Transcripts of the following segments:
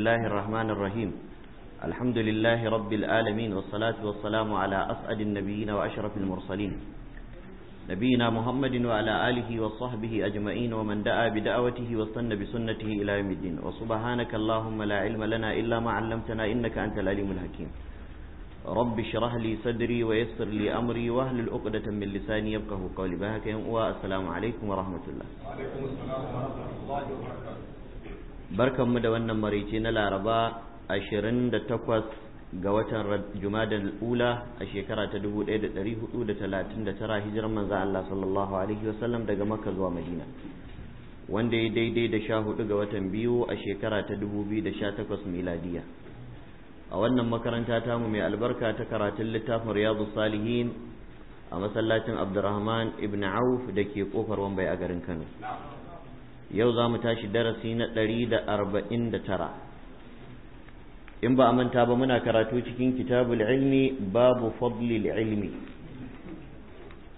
الله الرحمن الرحيم الحمد لله رب العالمين والصلاة والسلام على أسعد النبيين وأشرف المرسلين نبينا محمد وعلى آله وصحبه أجمعين ومن دعا بدعوته واستنى بسنته إلى يوم الدين وسبحانك اللهم لا علم لنا إلا ما علمتنا إنك أنت العليم الحكيم رب اشرح لي صدري ويسر لي أمري واهل العقدة من لساني يبقه قولي بهك يوم السلام عليكم ورحمة الله وعليكم السلام ورحمة الله وبركاته barkanmu da wannan marici na laraba 28 ga watan jumadal ula a shekara ta 1439 hijirar manzo Allah sallallahu alaihi wasallam daga makka zuwa madina wanda ya daidai da sha hudu ga watan biyu a shekara ta 2018 miladiya a wannan makaranta tamu mai albarka ta karatun littafin riyadu salihin a masallacin abdurrahman ibn auf da ke kofar wambai a garin kano yau za mu tashi darasi na ɗari da arba'in da tara in ba a manta ba muna karatu cikin kitabul ilmi babu fadlil ilmi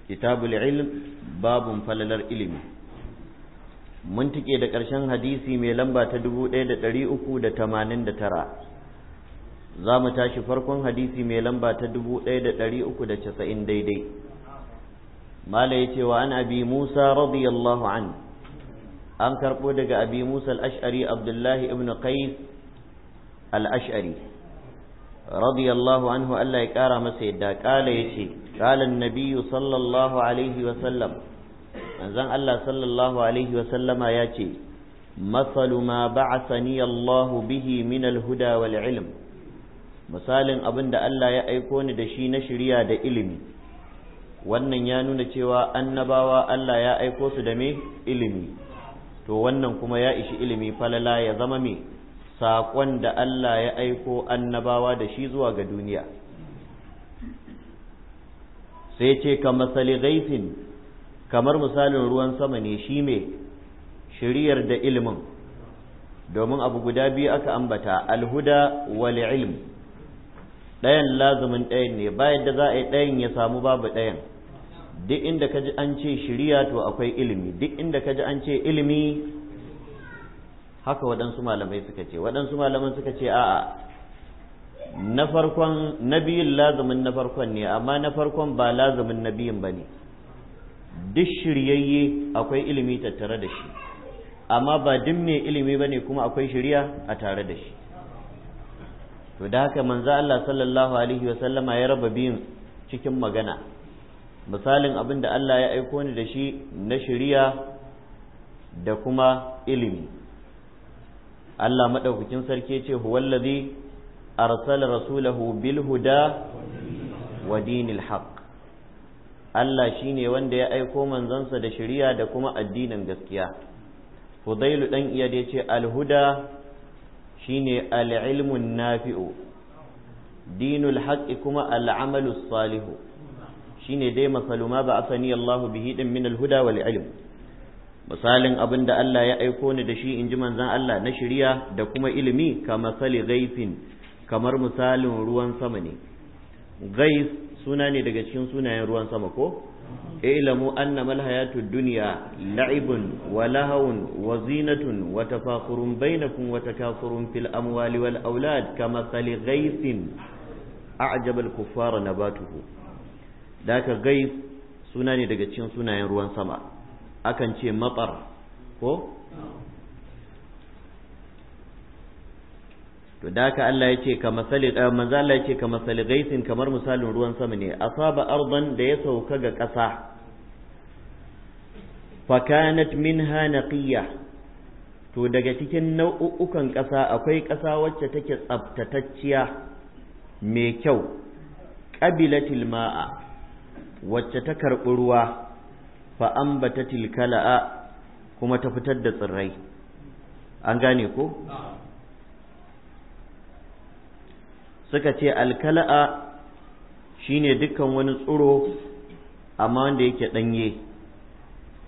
kitabul ilm babun falalar ilimi mun tike da ƙarshen hadisi mai lamba ta dubu ɗaya da ɗari uku da tamanin da tara za mu tashi farkon hadisi mai lamba ta dubu ɗaya da ɗari uku da casa'in daidai mala ya ce wa an abi musa radiyallahu an an karɓo daga abi musa al'ashari abdullahi ibn qais al-ash'ari radiyallahu anhu Allah ya ƙara masa yadda ƙala ya ce ƙala nabiyu sallallahu alaihi wa sallam Allah sallallahu alaihi wa sallama ya ce masalu ma ba'athani Allahu bihi min al-huda wal ilm misalin abin da Allah ya aiko ni da shi na shiriya da ilimi wannan ya nuna cewa annabawa Allah ya aiko su da me ilimi to wannan kuma ya ishi ilimi falala ya zama mai saƙon da Allah ya aiko annabawa da shi zuwa ga duniya sai ce ka masali gaifin kamar misalin ruwan sama ne shi mai shiriyar da ilimin domin abu guda biyu aka ambata alhuda wal ilm ɗayan lazumin ɗayan ne bayan da za a yi ɗayan ya samu babu ɗayan duk inda ka ji an ce shiriya to akwai ilimi duk inda ka ji an ce ilimi haka waɗansu malamai suka ce waɗansu malaman suka ce a'a na farkon nabiyin lazumin na farkon ne amma na farkon ba lazumin nabiyin ba ne duk shiryayye akwai ilimi tattare da shi amma ba duk mai ilimi ba ne kuma akwai shirya a tare da shi to da haka manza Allah sallallahu alaihi wa sallama ya raba biyun cikin magana misalin abin da Allah ya aiko ni da shi na shiriya da kuma ilimi Allah maɗaukakin sarki ce huwallazi arsala rasulahu bil huda wa dinil haqq Allah shine wanda ya aiko manzansa da shiriya da kuma addinin gaskiya Fudailu dan iya da ce al huda shine al ilmun nafi'u dinul haqqi kuma al amalus salihu shine dai masalu ma ba asani Allahu bihi din min alhuda wal ilm misalin abin da Allah ya aiko ni da shi in ji manzon Allah na shiriya da kuma ilimi ka masali ghaifin kamar misalin ruwan sama ne ghaif suna ne daga cikin sunayen ruwan sama ko ilamu annamal hayatud dunya la'ibun wa lahawun wa zinatun wa tafakhurun bainakum wa takathurun fil amwali wal aulad kama sali ghaifin a'jaba al kuffara nabatuhu da aka gai suna ne daga cikin sunayen ruwan sama akan ce matsar ko to da aka Allah ya ce ka masali eh, Allah ya ka masali gaisin kamar misalin ruwan sama ne asaba ardan da ya sauka ga ƙasa fakanat minha naqiya to daga cikin nau'ukan ƙasa akwai ƙasa wacce take tsabtatacciya mai kyau ƙabilatil ma'a wacce ta karɓi ruwa fa ambata tilkala'a kuma ta fitar da tsirrai an gane ko suka ce alkala'a ne dukkan wani tsiro amma wanda yake ɗanye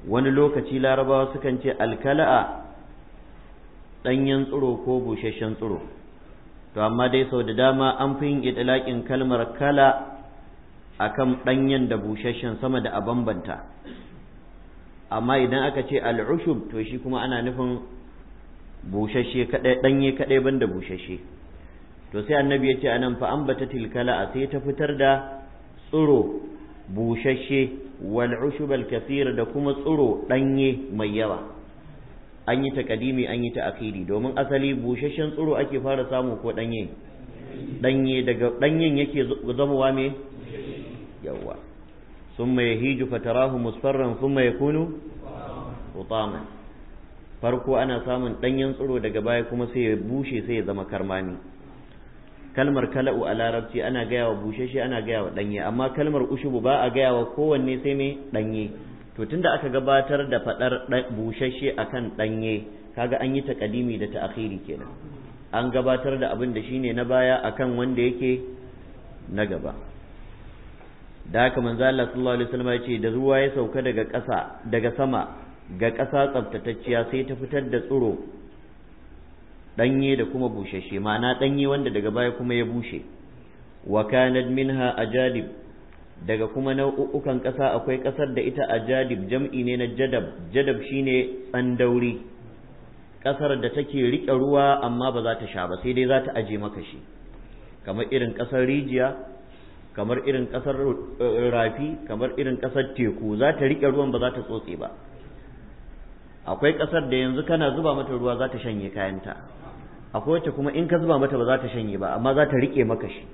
wani lokaci larabawa sukan ce alkala'a ɗanyen tsiro ko busasshen tsiro to amma dai sau da dama an fi yin kalmar kala akan ɗanyen da busasshen sama da a bambanta amma idan aka ce al'ushub to shi kuma ana nufin busasshe kadai ɗanye kadai banda busasshe to sai annabi ya ce anan fa ambata tilkala a sai ta fitar da tsuro busasshe wal ushub al kathir da kuma tsuro ɗanye mai yawa an yi ta kadimi an yi ta akiri domin asali busasshen tsuro ake fara samu ko ɗanye ɗanye daga ɗanyen yake zamowa me yawwa summa hiju fatarahu musfarran mai kunu utama farko ana samun danyen tsiro daga baya kuma sai ya bushe sai ya zama karmami kalmar kala'u a larabci ana gaya wa bushashe ana gaya wa danye amma kalmar ushubu ba a gaya wa kowanne sai mai danye to tunda aka gabatar da fadar a akan danye kaga an yi takadimi da ta'khiri kenan an gabatar da abin da shine na baya akan wanda yake na gaba da haka manzo Allah sallallahu alaihi wasallam ya ce da ruwa ya sauka daga ƙasa daga sama ga ƙasa tsaftatacciya sai ta fitar da tsiro danye da kuma bushashe ma'ana danye wanda daga baya kuma ya bushe wa kanat minha ajalib daga kuma nau'ukan ƙasa akwai ƙasar da ita ajalib jam'i ne na jadab jadab shine tsandauri ƙasar da take riƙe ruwa amma ba za ta sha ba sai dai za ta aje maka shi kamar irin ƙasar rijiya kamar irin ƙasar eh, rafi kamar irin ƙasar teku za ta riƙe ruwan ba za ta tsotse ba akwai ƙasar da yanzu kana zuba mata ruwa za ta shanye kayanta akwai wacce kuma in ka zuba mata ba za ta shanye ba amma za ta riƙe maka shi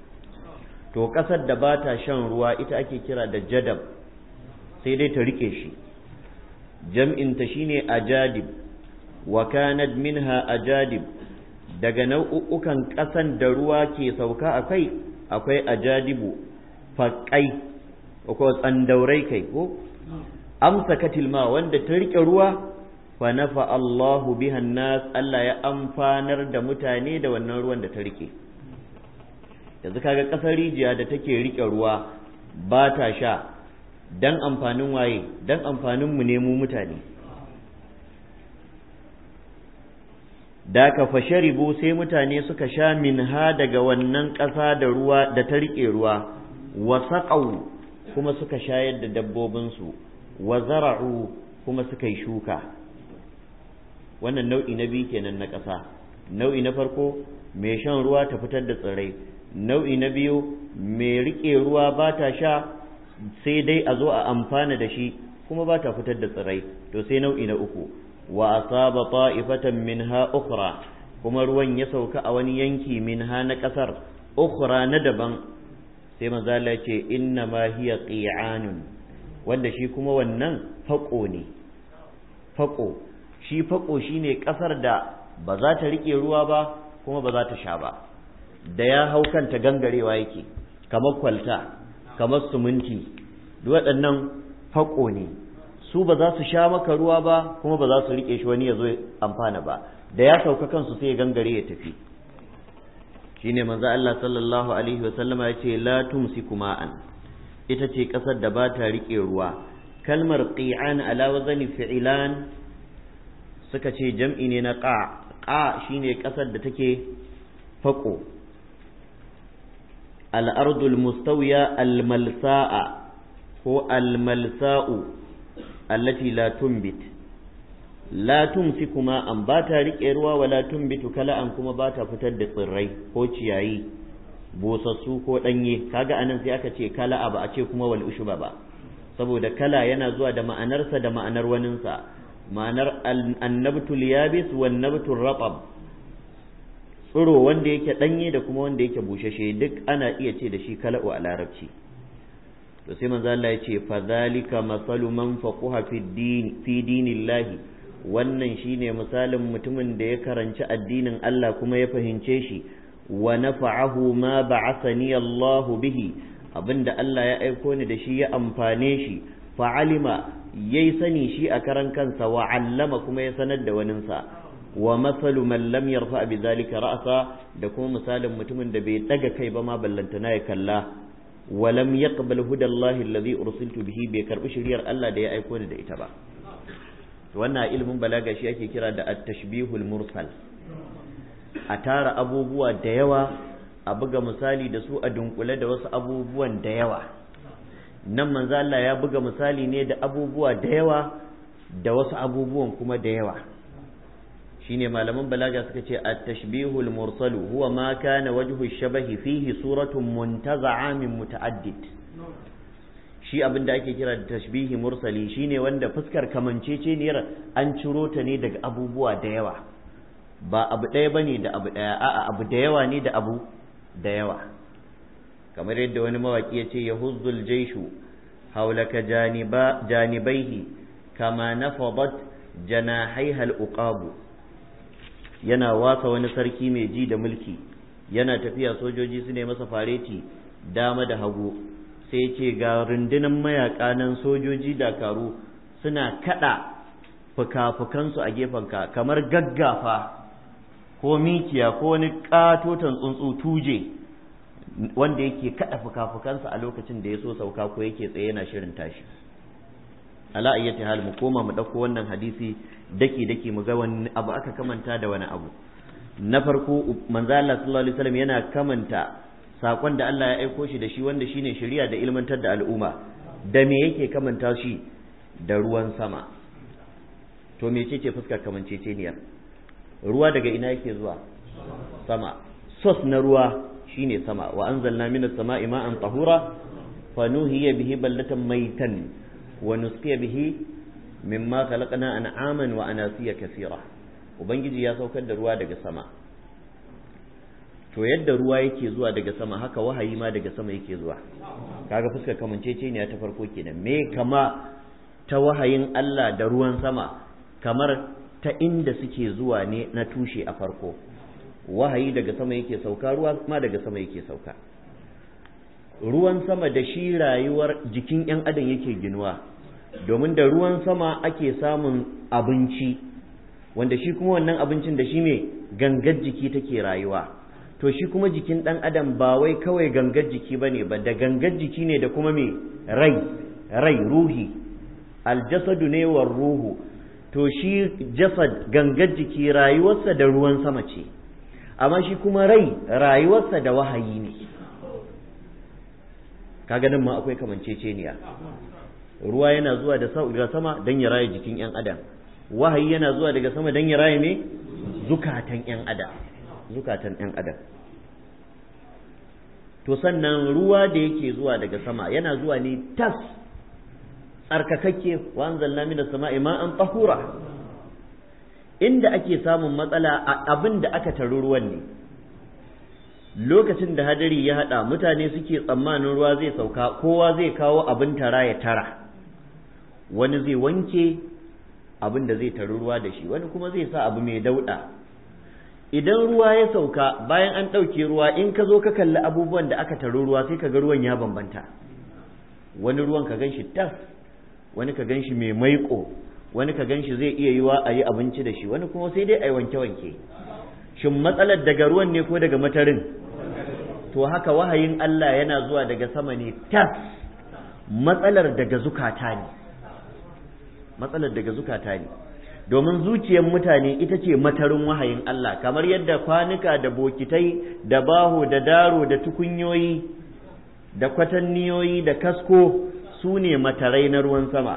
to ƙasar da ba ta shan ruwa ita ake kira da jadab sai dai ta rike shi jam'inta shine ajadib wa kanat minha ajadib daga nau'ukan ƙasan da ruwa ke sauka akai akwai ajadibu faƙai ko tsandaurai kai ko amsa katilma wanda ta rike ruwa fa nafa Allahu biha nas Allah ya amfanar da mutane da wannan ruwan da ta rike yanzu kaga ƙasar rijiya da take riƙe ruwa ba ta sha dan amfanin waye dan amfanin mu ne mu mutane da ka fasharibu sai mutane suka sha minha daga wannan ƙasa da ruwa da ta riƙe ruwa wa saqaw kuma suka shayar da dabbobinsu wa zara'u kuma suka yi shuka wannan nau'i na biyu kenan na ƙasa nau'i na farko mai shan ruwa ta fitar da tsirrai nau'i na biyu mai riƙe ruwa ba ta sha sai dai a zo a amfana da shi kuma ba ta fitar da tsirrai to sai nau'i na uku wa asaba ta'ifatan minha ukhra kuma ruwan ya sauka a wani yanki minha na ƙasar ukhra na daban sai manzo Allah ce inna ma hiya qi'anun wanda shi kuma wannan fako ne fako shi fako shine kasar da ba za ta rike ruwa ba kuma ba za ta sha ba da ya hau kanta gangarewa yake kamar kwalta kamar suminti duk waɗannan faƙo ne su ba za su sha maka ruwa ba kuma ba za su rike shi wani ya zo amfana ba da ya sauka kansu sai gangare ya tafi shine manzo Allah sallallahu alaihi wa sallama yace la tumsiku ma'an ita ce kasar da ba ta rike ruwa kalmar qi'an ala wazani fi'lan suka ce jam'i ne na qa qa shine kasar da take fako al-ardu al-mustawiya al-malsa'a ko al-malsa'u allati la tumbit la tumsiku an ba ta riƙe ruwa wala tumbitu kala'an kuma ba ta fitar da tsirrai ko ciyayi busassu ko ɗanye kaga anan sai aka ce kala'a ba a ce kuma wal ushuba ba saboda kala yana zuwa da ma'anarsa da ma'anar waninsa ma'anar annabtul yabis wan nabtul ratab tsiro wanda yake ɗanye da kuma wanda yake bushashe duk ana iya ce da shi kala'u a larabci to sai manzo Allah ya ce fa zalika masalu man faquha fi dinillahi wannan shine misalin mutumin da ya karanci addinin Allah kuma ya fahimce shi wa nafa'ahu ma ba'athani Allah bihi abinda Allah ya aiko ni da shi ya amfane shi fa'alima yayi sani shi a karan kansa wa 'allama kuma ya sanar da waninsa wa masalu man lam yarfa bi zalika ra'sa da kuma misalin mutumin da bai daga kai ba ma ballantana ya kalla wa lam yaqbal hudallahi allazi ursiltu bihi bai karbi shiriyar Allah da ya aiko ni da ita ba wannan ilimin balaga shi ake kira da at-tashbihul mursal a tara abubuwa da yawa a buga misali da su a dunkule da wasu abubuwan da yawa nan manzo Allah ya buga misali ne da abubuwa da yawa da wasu abubuwan kuma da yawa shine malaman balaga suka ce at-tashbihul mursalu huwa ma kana wajhu ash-shabahi fihi suratun muntaza'a min muta'addid shi abin da ake kira da tashbihi mursali shine wanda fuskar kamanceceniyar an ciro ta ne daga abubuwa da yawa ba abu ɗaya ba da abu ɗaya a'a abu da yawa ne da abu da yawa kamar yadda wani mawaki ya ce yahuzzul jaishu haulaka janibaihi kama nafadat jana haihal uqabu yana wasa wani sarki mai ji da mulki yana tafiya sojoji su ne masa fareti dama da hagu sai ce ga rundunan mayaka nan sojoji dakaru suna kada fuka-fukansu a gefenka kamar gaggafa ko mikiya ko wani katotan tsuntsu tuje wanda yake kada fuka-fukansa a lokacin da ya so sauka ko yake tsaye yana shirin tashi ala ayyati hal mu koma mu dauko wannan hadisi daki daki mu ga wani abu aka kamanta da wani abu na farko manzo Allah sallallahu alaihi wasallam yana kamanta sakon da Allah ya aiko shi da shi wanda shi ne shari'a da ilmantar da al'umma da me yake kamanta shi da ruwan sama to me ce, ce fuskar kamanceceniyar ruwa daga ina yake zuwa sama sos na ruwa shi ne sama wa an anzalna sama, ima an tahura fa nuhiya bihi ballatan maitan wa nusqiya bihi mimma khalaqna an'aman wa anasiya kaseera ubangiji ya saukar da ruwa daga sama to yadda ruwa yake zuwa daga sama haka wahayi ma daga sama yake zuwa kaga fuskar kamanceceniya ta farko kenan me kama ta wahayin Allah da ruwan sama kamar ta inda suke zuwa ne na tushe a farko wahayi daga sama yake sauka ruwa ma daga sama yake sauka ruwan sama da shi rayuwar jikin 'yan adam yake ginuwa domin da ruwan sama ake samun abinci wanda shi kuma wannan abincin da shi ne gangar jiki take rayuwa to shi kuma jikin ɗan adam ba wai kawai gangar jiki ba ba da gangar jiki ne da kuma mai rai rai ruhi aljasadu ne wa ruhu to shi jasad gangar jiki rayuwarsa da ruwan sama ce amma shi kuma rai rayuwarsa da wahayi ne ga nan ma akwai kamanceceniya ruwa yana zuwa da sama don ya raya jikin 'yan adam wahayi yana zuwa daga sama don ya raya ne zukatan 'yan adam zukatan ɗan adam to sannan ruwa da yake zuwa daga sama yana zuwa ne tas tsarkakakke wa anzalna minas sama'i an tahura inda ake samun matsala a abin da aka taru ruwan ne lokacin da hadari ya haɗa, mutane suke tsammanin ruwa zai sauka kowa zai kawo abin tara ya tara wani zai wanke abin da zai taru ruwa da shi wani kuma zai sa abu mai dauɗa. idan ruwa ya sauka bayan an ɗauke ruwa in ka zo ka kalli abubuwan da aka taro ruwa sai ka ga ruwan ya bambanta wani ruwan ka gan shi tas wani ka gan shi mai maiƙo wani ka gan shi zai iya yiwa a yi abinci da shi wani kuma sai dai a yi wanke-wanke shin matsalar daga ruwan ne ko daga matarin to haka wahayin Allah yana zuwa daga sama ne tas matsalar daga zukata ne matsalar daga zukata ne domin zuciyar mutane ita ce matarin wahayin Allah kamar yadda kwanuka da bokitai da baho da daro da tukunyoyi da kwatanniyoyi da kasko su ne matarai na ruwan sama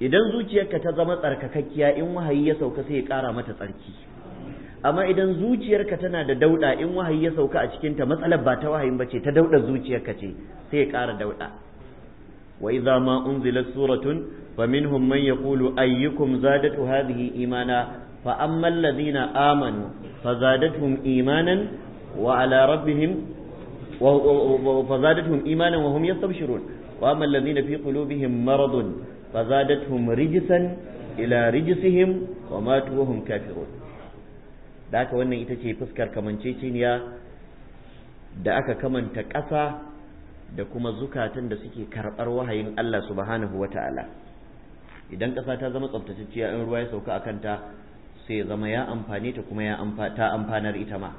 idan zuciyarka ta zama tsarkakakkiya in wahayi ya sauka sai ya ƙara mata tsarki amma idan zuciyarka tana da dauɗa in wahayi ya sauka a cikinta matsalar ba ta wahayin ba ce ta dauɗa zuciyarka ce sai ya ƙara dauɗa وإذا ما أنزلت سورة فمنهم من يقول أيكم زادت هذه إيمانا فأما الذين آمنوا فزادتهم إيمانا وعلى ربهم فزادتهم إيمانا وهم يستبشرون وأما الذين في قلوبهم مرض فزادتهم رجسا إلى رجسهم وماتوا وهم كافرون ذاك وأن إتشي فسكر كمان تشيشين يا da aka kamanta ƙasa da kuma zukatan da suke karɓar wahayin Allah subhanahu wa ta'ala idan ƙasa ta zama tsaftatacciya in ruwa ya sauka a kanta sai zama ya amfane ta kuma ya ta amfanar ita ma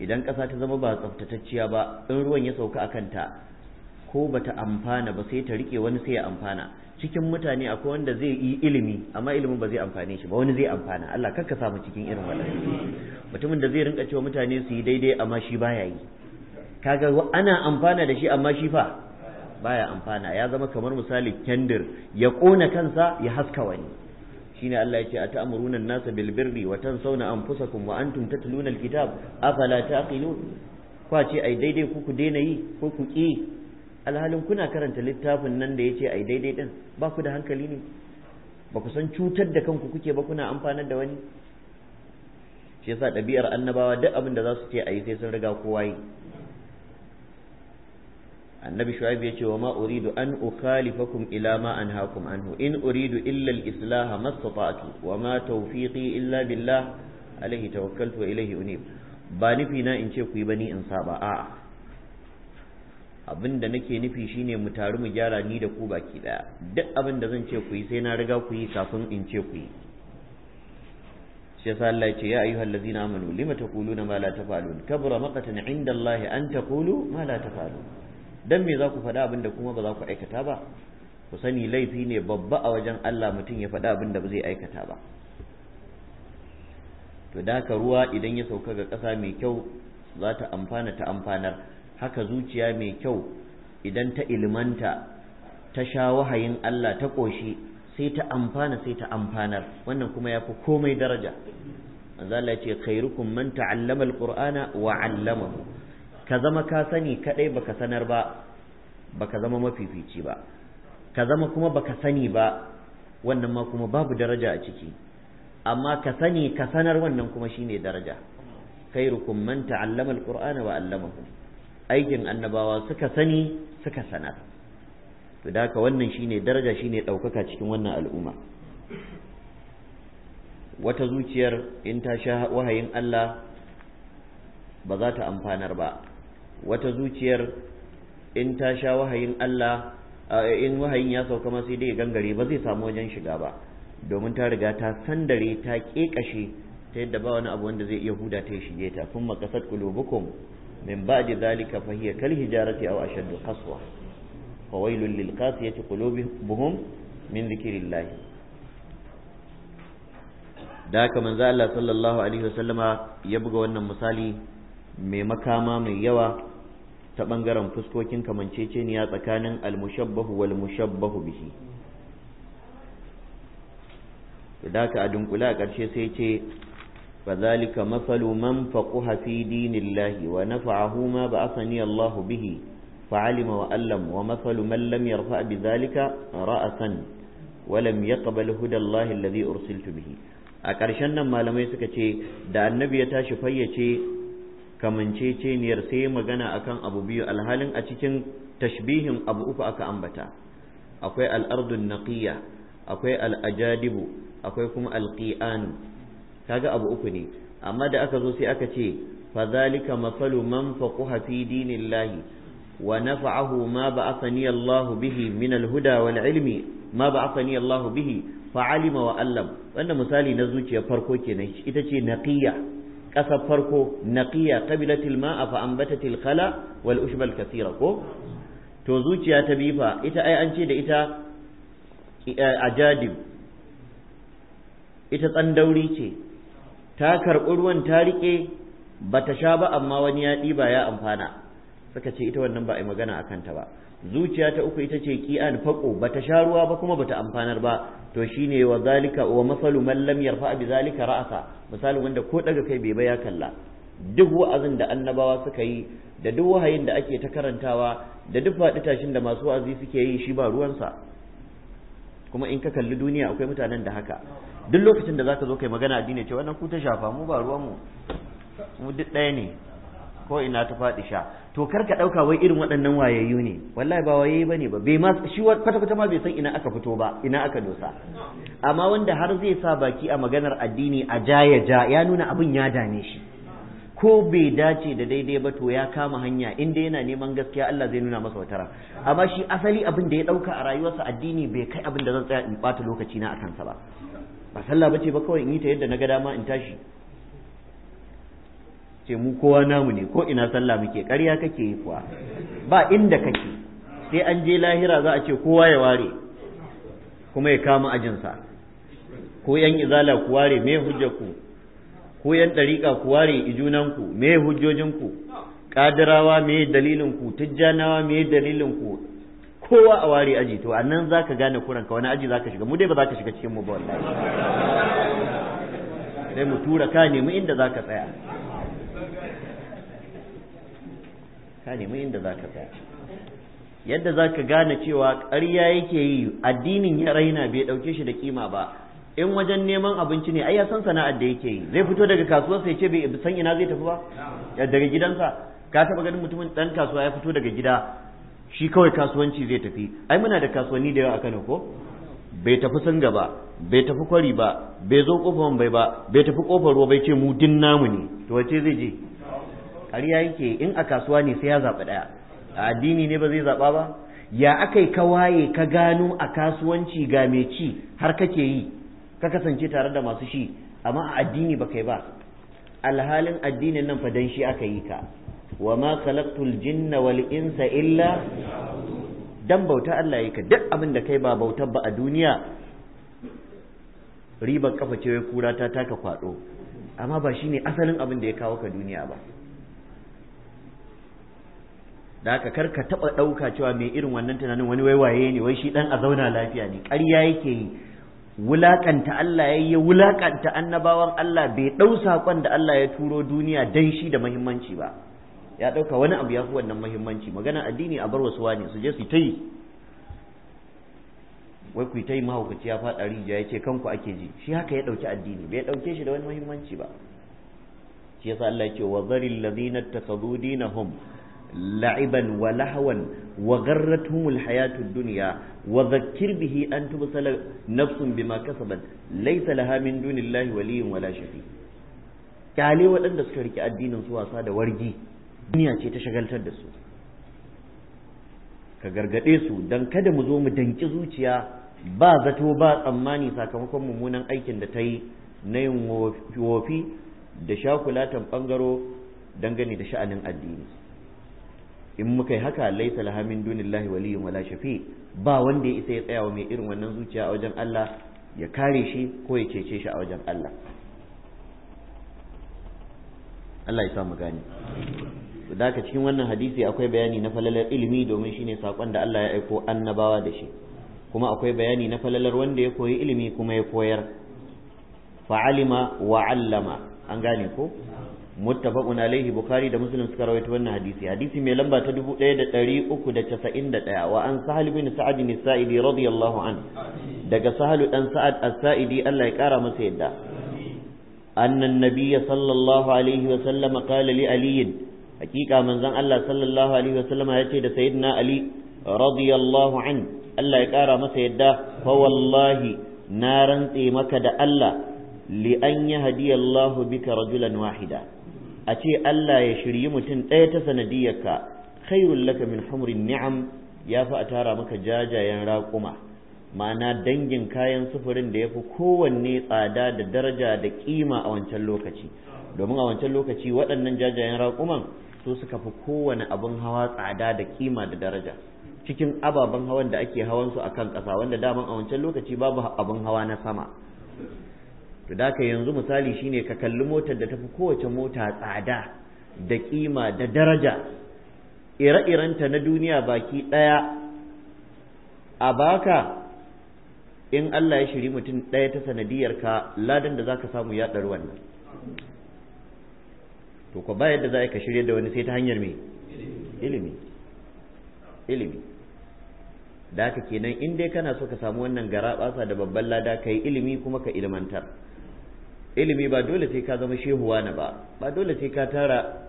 idan ƙasa ta zama ba tsaftatacciya ba in ruwan ya sauka a kanta ko bata amfana ba sai ta rike wani sai ya amfana cikin mutane akwai wanda zai yi ilimi amma ilimin ba zai amfane shi ba wani zai amfana Allah kakka samu cikin irin wannan mutumin da zai rinka cewa mutane su yi daidai amma shi baya yi kaga ana amfana da shi amma shi fa baya amfana ya zama kamar misali kendir ya kona kansa ya haska wani shine Allah yace ata'muruna an-nasa bil birri wa tansawna anfusakum wa antum tatluna al-kitab afala taqilun kwa ce ai daidai ku ku daina yi ko ku ki alhalin kuna karanta littafin nan da yace ai daidai din ba ku da hankali ne ba ku san cutar da kanku kuke ba kuna amfana da wani shi yasa ɗabi'ar annabawa duk abin da za su ce ayi sai sun riga kowa yi annabi shu'aib yace wa ma uridu an ukhalifakum ila ma anhaakum anhu in uridu illa al-islaha mastata'tu wa ma tawfiqi illa billah alayhi tawakkaltu wa ilayhi unib ba nufi na in ce ku yi bani in saba a'a abin da nake nufi shine mu taru mu gyara ni da ku baki daya duk abin da zan ce ku yi sai na riga ku yi kafin in ce ku yi shi yasa Allah ya ce ya ayyuhal ladzina amanu lima taquluna ma la tafalun kabura maqatan inda Allah an taqulu ma la tafalun dan me za ku faɗa abin da kuma ba za ku aikata ba ku sani laifi ne babba a wajen Allah mutum ya faɗa abin da ba zai aikata ba to da haka ruwa idan ya sauka ga ƙasa mai kyau za ta amfana ta amfanar haka zuciya mai kyau idan ta ilmanta ta sha wahayin Allah ta ƙoshi sai ta amfana sai ta amfanar wannan kuma ya fi komai daraja manzo Allah ya ce khairukum man ta'allama alqur'ana wa 'allamahu ka zama ka sani kadai baka sanar ba baka zama mafifici ba ka zama kuma baka sani ba wannan ma kuma babu daraja a ciki amma ka sani ka sanar wannan kuma shine daraja khairukum man ta'allama alqur'ana wa 'allamahu aikin annabawa suka sani suka sanar to da haka wannan shine daraja shine ɗaukaka cikin wannan al'umma wata zuciyar in ta sha wahayin Allah ba za ta amfanar ba wata zuciyar in ta sha wahayin Allah in wahayin ya sauka ma sai dai gangare ba zai samu wajen shiga ba domin ta riga ta sandare ta kekashe ta yadda ba wani abu wanda zai iya huda ta shige ta kun makasar qulubukum min ba'di dhalika fa hiya kal hijarati aw ashaddu qaswa fa wailul lil qasiyati qulubuhum min dhikrillah da haka manzo Allah sallallahu alaihi wasallama ya buga wannan misali mai makama mai yawa ta ɓangaren fuskokin kamanceceniya tsakanin almushabbahu wal mushabbahu bihi da ka a dunkule a ƙarshe sai ce ba zalika masalu man faƙo hafi dinillahi wa na fa'ahu ma ba asa ni allahu bihi fa'alima wa allam wa masalu man lam yarfa bi zalika ra'asan wa lam yaqbal hudallahi allazi ursiltu bihi a ƙarshen nan malamai suka ce da annabi ya tashi fayyace kamanceceniyar sai magana akan abu biyu alhalin a cikin tashbihin abu uku aka ambata akwai al'ardun naqiya akwai al'ajadibu akwai kuma alqi'anu kaga abu uku ne amma da aka zo sai aka ce fa zalika masalu man faquha fi dinillahi wa nafa'ahu ma ba'athani Allahu bihi min al-huda wal ilmi ma ba'athani Allahu bihi fa'alima wa allam wannan misali na zuciya farko kenan ita ce naqiya ƙasa farko naqiya qabilatil ma'a fa ambatatil khala wal ushbal kathira ko to zuciya ta bifa ita ai an ce da ita eh, ajadib ita tsandauri ce ta karɓi ruwan ta riƙe ba ta sha ba amma wani ya ɗiba ya amfana suka ce ita wannan ba a yi magana a kanta ba zuciya ta uku ita ce ki'an faƙo ba ta sha ruwa ba kuma ba ta amfanar ba to shine wa zalika wa masalu man lam yarfa bi zalika ra'asa misalin wanda ko daga kai bai ya kalla duk wa'azin da annabawa suka yi da duk wahayin da ake ta karantawa da duk faɗi tashin da masu wa'azi suke yi shi ba ruwansa kuma in ka kalli duniya akwai mutanen da haka duk lokacin da zaka zo kai magana addini ce wannan ku ta shafa mu ba ruwan mu mu duk ɗaya ne ko ina ta faɗi sha to kar ka ɗauka wai irin waɗannan wayayyu ne wallahi ba wayayyu bane ba bai ma shi kwata kwata ma bai san ina aka fito ba ina aka dosa amma wanda har zai sa baki a maganar addini a ja ya ja ya nuna abin ya dame shi ko bai dace da daidai ba to ya kama hanya inda yana neman gaskiya Allah zai nuna masa watara. amma shi asali abin da ya ɗauka a rayuwarsa addini bai kai abin da zan tsaya in ɓata lokaci na a kansa ba ba sallah bace ba kawai in yi ta yadda na ga dama in tashi ce mu kowa namu ne ko ina sallah muke ƙarya kake yi kuwa ba inda kake sai an je lahira za a ce kowa ya ware kuma ya kama ajinsa ko yan izala ku ware me hujjaku ko yan ɗariƙa ku ware ijunanku me hujjojinku ƙadirawa me dalilin ku, tijjanawa me dalilin ku. kowa a ware aji to a nan za ka gane kuranka wani aji za ka shiga mu dai ba za ka shiga cikin mu ba wallahi sai mu tura ka nemi inda za ka tsaya ka nemi inda za ka tsaya yadda za ka gane cewa ƙarya yake yi addinin ya raina bai ɗauke shi da kima ba in wajen neman abinci ne ai ya san sana'ar da yake yi zai fito daga kasuwar sai ce bai san ina zai tafi ba daga gidansa ka taɓa ganin mutumin ɗan kasuwa ya fito daga gida shi kawai kasuwanci zai tafi ai muna da kasuwanni da yawa a Kano ko bai tafi sanga ba bai tafi kwari ba bai zo kofar bai ba bai tafi kofar ruwa bai ce mu din namu ne to wace zai je ƙarya yake in a kasuwa ne sai ya zaɓi ɗaya a addini ne ba zai zaɓa ba ya aka yi ka waye ka gano a kasuwanci ga mai ci har kake yi ka kasance tare da masu shi amma a addini ba kai ba alhalin addinin nan fa dan shi aka yi ka wa ma khalaqtul jinna wal insa illa dan bauta Allah yake duk abin da kai ba bautar ba a duniya ribar kafa ce wai kura ta taka kwado amma ba shine asalin abin da ya kawo ka duniya ba da haka kar ka taba ɗauka cewa mai irin wannan tunanin wani waiwaye ne wai shi dan a zauna lafiya ne ƙarya yake yi wulaƙanta Allah ya yi wulaƙanta annabawan Allah bai ɗau sakon da Allah ya turo duniya dan shi da muhimmanci ba ya ɗauka wani abu ya fi wannan muhimmanci magana addini a bar wasu wani su je su ta yi wai ku ta yi mahaukaci ya faɗa rijiya ya ce kanku ake ji shi haka ya ɗauki addini bai ɗauke shi da wani muhimmanci ba shi yasa Allah ya ce wa zaril ladina dina dinahum la'iban walahawan lahawan wa garratuhum alhayatu ad-dunya wa dhakkir bihi an tubsala nafsun bima kasabat laysa laha min dunillahi waliyyun wala shafi kyale waɗanda suka rike addinin su wasa da wargi duniya ce ta shagaltar da su ka gargade su dan kada mu zo mu danki zuciya ba zato ba tsammani sakamakon mummunan aikin da ta yi na yin wofi da shakulatan bangaro dangane da sha'anin addini in muka yi haka laisa laha min dunillahi waliyyun wala shafi ba wanda ya isa ya tsaya mai irin wannan zuciya a wajen Allah ya kare shi ko ya cece shi a wajen Allah Allah ya samu gani da cikin wannan hadisi akwai bayani na falalar ilimi domin shine sakon da Allah ya aiko annabawa da shi kuma akwai bayani na falalar wanda ya koyi ilimi kuma ya koyar fa'alima wa allama an gane ko muttafaqun alaihi bukhari da muslim suka rawaito wannan hadisi hadisi mai lamba ta 1391 wa an sahal bin sa'ad bin sa'idi radiyallahu an daga sahal dan sa'ad as-sa'idi Allah ya kara masa yadda annan nabiyya sallallahu alaihi wa sallam qala li ali hakika manzon Allah sallallahu alaihi wa sallam ya ce da sayyidina ali radiyallahu an Allah ya kara masa yadda fa wallahi na rantse maka da Allah li an yahdiya Allahu bika rajulan wahida a ce Allah ya shiryi mutum ɗaya ta sanadiyarka khairul laka min humrin ni'am ya fi a tara maka jajayen raƙuma ma'ana dangin kayan sufurin da ya fi kowanne tsada da daraja da ƙima a wancan lokaci domin a wancan lokaci waɗannan jajayen raƙuman su suka fi kowane abin hawa tsada da ƙima da daraja cikin ababen hawan da ake hawan su akan ƙasa wanda daman a wancan lokaci babu abin hawa na sama to da ka yanzu misali shine ka kalli motar da ta fi kowace mota tsada da kima da daraja ire-irenta na duniya baki ɗaya a baka in Allah ya shiri mutum ɗaya ta sanadiyar ka ladan da zaka samu ya ɗar wannan to ko ba yadda za ka shirya da wani sai ta hanyar me ilimi ilimi da haka kenan in dai kana so ka samu wannan garaɓasa da babban lada ka yi ilimi kuma ka ilmantar ilimi ba dole sai ka zama shehuwa na ba ba dole sai ka tara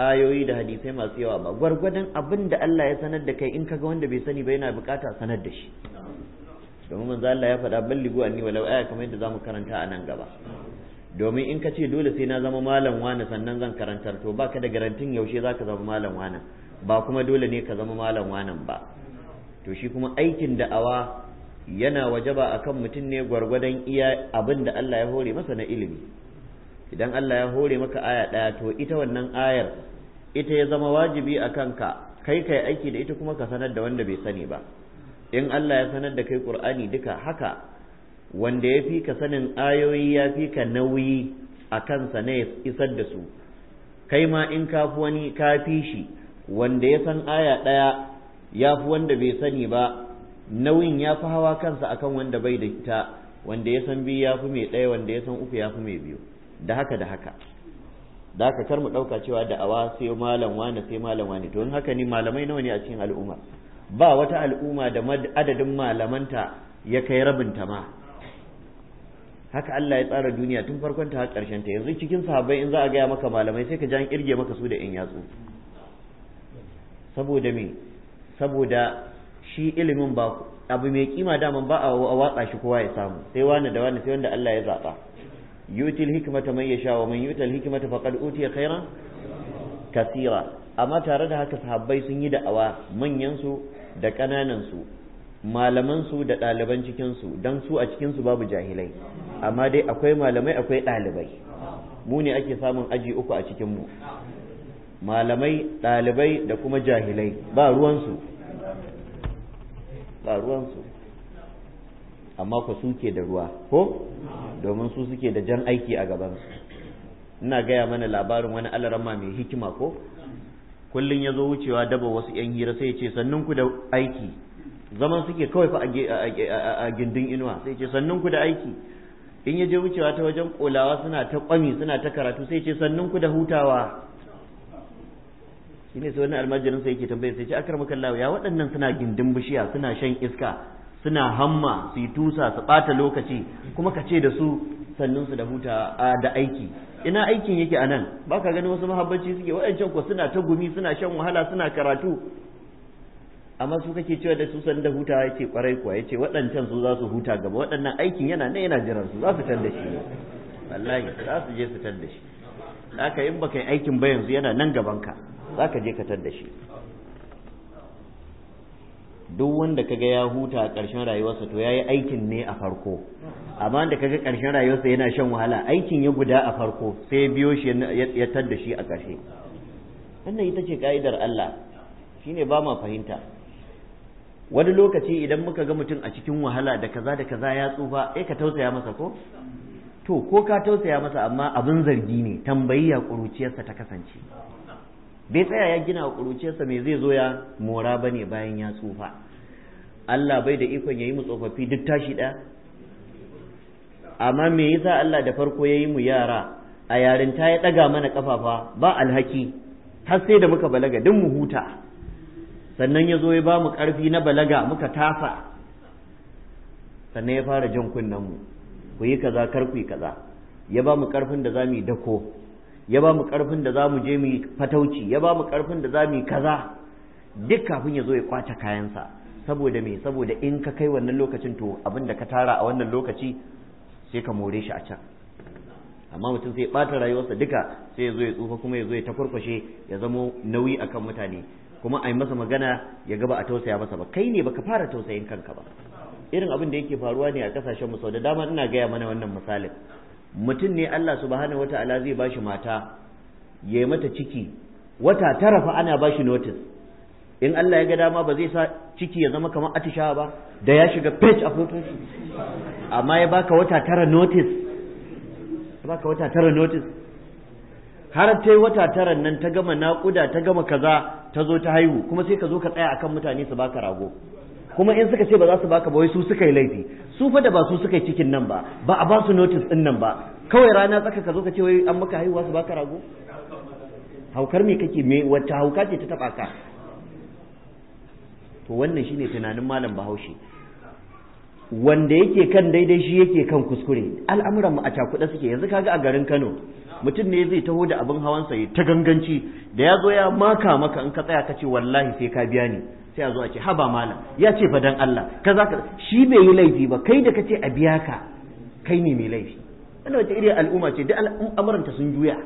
ayoyi da hadisai masu yawa ba gwargwadon abin da Allah ya sanar da kai in kaga wanda bai sani ba yana bukata sanar da shi domin manzo Allah ya faɗa balligu anni walau aya kamar yadda zamu karanta a nan gaba domin in ka ce dole sai na zama malam wani sannan zan karantar to baka da garantin yaushe zaka zama malam wani ba kuma dole ne ka zama malam wani ba to shi kuma aikin da'awa yana a kan mutum ne gwargwadon iya abin da Allah ya hore masa na ilimi idan Allah ya hore maka aya ɗaya to ita wannan ayar ita ya zama wajibi a kanka kai kai aiki da ita kuma ka sanar da wanda bai sani ba in Allah ya sanar da kai Kur'ani duka haka wanda ya fi ka sanin ayoyi ya fi ka nauyi a kansa na isar da su kai ma in ka fi wani kafi shi wanda ya san aya ɗaya ya fi wanda bai sani ba nauyin ya fi hawa kansa akan wanda bai da ta wanda ya san biyu ya fi mai ɗaya wanda ya san uku ya fi mai biyu da haka da haka da haka kar mu ɗauka cewa da awa sai malam wani sai malam wani to haka ni malamai nawa ne a cikin al'umma ba wata al'umma da adadin malamanta ya kai rabin ta ma haka Allah ya tsara duniya tun farkon ta har ƙarshen ta yanzu cikin sahabbai in za a gaya maka malamai sai ka ji an kirge maka su da in yatsu saboda me saboda shi ilimin ba abu mai kima daman ba a watsa shi kowa ya samu sai wani da wani sai wanda Allah ya zaba yutil hikmata man yasha wa man yutil hikmata faqad utiya khairan kasira amma tare da haka sahabbai sun yi da'awa manyan su da kananan su malaman su da ɗaliban cikin su dan su a cikin su babu jahilai amma dai akwai malamai akwai ɗalibai mu ne ake samun aji uku a cikin mu malamai ɗalibai da kuma jahilai ba ruwan su ba ruwansu amma ku suke da ruwa ko domin su suke da jan aiki a gabansu ina gaya mana labarin wani alarama mai hikima ko kullum ya zo wucewa daba wasu 'yan hira sai ce sannan ku da aiki zaman suke kawai fa a gindin inuwa sai ce sannan ku da aiki in ya je wucewa ta wajen kolawa suna ta kwami suna ta karatu sai ce sannan ku da hutawa shine sai wani almajirin sai yake tambaye sai ce akramaka Allah ya waɗannan suna gindin bishiya suna shan iska suna hamma su yi tusa su ɓata lokaci kuma ka ce da su sannin su da huta da aiki ina aikin yake a nan ba ka gani wasu mahabbaci suke waɗancan ko suna ta gumi suna shan wahala suna karatu amma su kake cewa da su san da huta yake kwarai kuwa yace waɗancan su za su huta gaba waɗannan aikin yana nan yana jiran su za su tar da shi wallahi za su je su tar da shi haka in baka yi aikin ba yanzu yana nan gaban ka za ka je ka da shi duk wanda kaga ya huta a ƙarshen rayuwarsa to ya yi aikin ne a farko amma da kaga ƙarshen rayuwarsa yana shan wahala aikin ya guda a farko sai biyo shi ya tadda shi a ƙarshe wannan ita ce ka'idar Allah shine ba ma fahimta wani lokaci idan muka ga mutum a cikin wahala da kaza da kaza ya tsufa eh ka tausaya masa ko to ko ka tausaya masa amma abin zargi ne tambayi ya ƙuruciyarsa ta kasance bai tsaya ya gina wa ƙuruciyarsa mai zai zo ya mora ba ne bayan ya tsufa Allah bai da ikon ya yi mu tsofaffi duk tashi ɗaya amma me yasa Allah da farko ya yi mu yara a yarinta ya ɗaga mana ƙafafa ba alhaki har sai da muka balaga duk mu huta sannan ya zo ya ba mu ƙarfi na balaga muka tafa sannan ya fara jan kunnen mu ku yi kaza kar ku yi kaza ya ba mu ƙarfin da za mu yi dako ya ba mu ƙarfin da za mu je mu yi fatauci ya ba mu ƙarfin da za mu yi kaza duk kafin ya zo ya kwace kayansa saboda me saboda in ka kai wannan lokacin to abin da ka tara a wannan lokaci sai ka more shi a can amma mutum sai ya ɓata rayuwarsa duka sai ya zo ya tsufa kuma ya zo ya takwarkwashe ya zamo nauyi akan mutane kuma a yi masa magana ya gaba a tausaya masa ba kai ne baka fara tausayin kanka ba irin abin da yake faruwa ne a kasashen mu sau da dama ina gaya mana wannan misalin mutum ne Allah subhanahu wata'ala zai bashi mata yayi mata ciki wata tara fa ana bashi notice in Allah ya ga dama ba zai sa ciki ya zama kamar atishawa ba da ya shiga page a hoton amma ya baka wata tara notice ya baka wata tara notice har ta wata tara nan ta gama naƙuda ta gama kaza ta zo ta haihu kuma sai ka zo ka tsaya akan mutane su baka rago kuma in suka ce ba za su baka ba wai su suka yi laifi su fa da ba su suka yi cikin nan ba ba a ba su notice din nan ba kawai rana tsaka ka zo ka ce wai an maka haihuwa su baka rago haukar me kake me wata hauka ce ta taba ka to wannan shine tunanin malam bahaushe wanda yake kan daidai shi yake kan kuskure al'amuran mu a cakuɗa suke yanzu kaga a garin Kano mutum ne zai taho da abin hawan sa ta ganganci da ya zo ya maka maka in ka tsaya ka ce wallahi sai ka biya ni sai a zuwa ce haba malam ya ce fa dan Allah kaza ka shi bai yi laifi ba kai da ka ce a biya ka kai ne mai laifi wannan wata iri al'umma ce da al'amuranta sun juya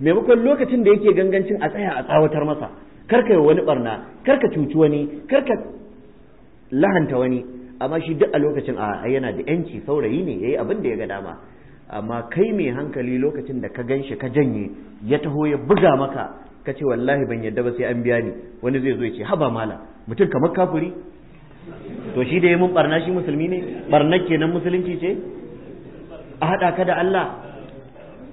maimakon lokacin da yake gangancin a tsaya a tsawatar masa karka yi wani barna ka cuci wani karka lahanta wani amma shi duk a lokacin a yana da yanci saurayi ne yayi abin da ya ga dama amma kai mai hankali lokacin da ka ganshi ka janye ya taho ya buga maka ka ce wallahi ban yadda ba sai an biya ni wani zai zo ya ce haba mala mutum kamar kafuri to shi da ya mun barna shi musulmi ne barnar kenan musulunci ce a haɗa ka da Allah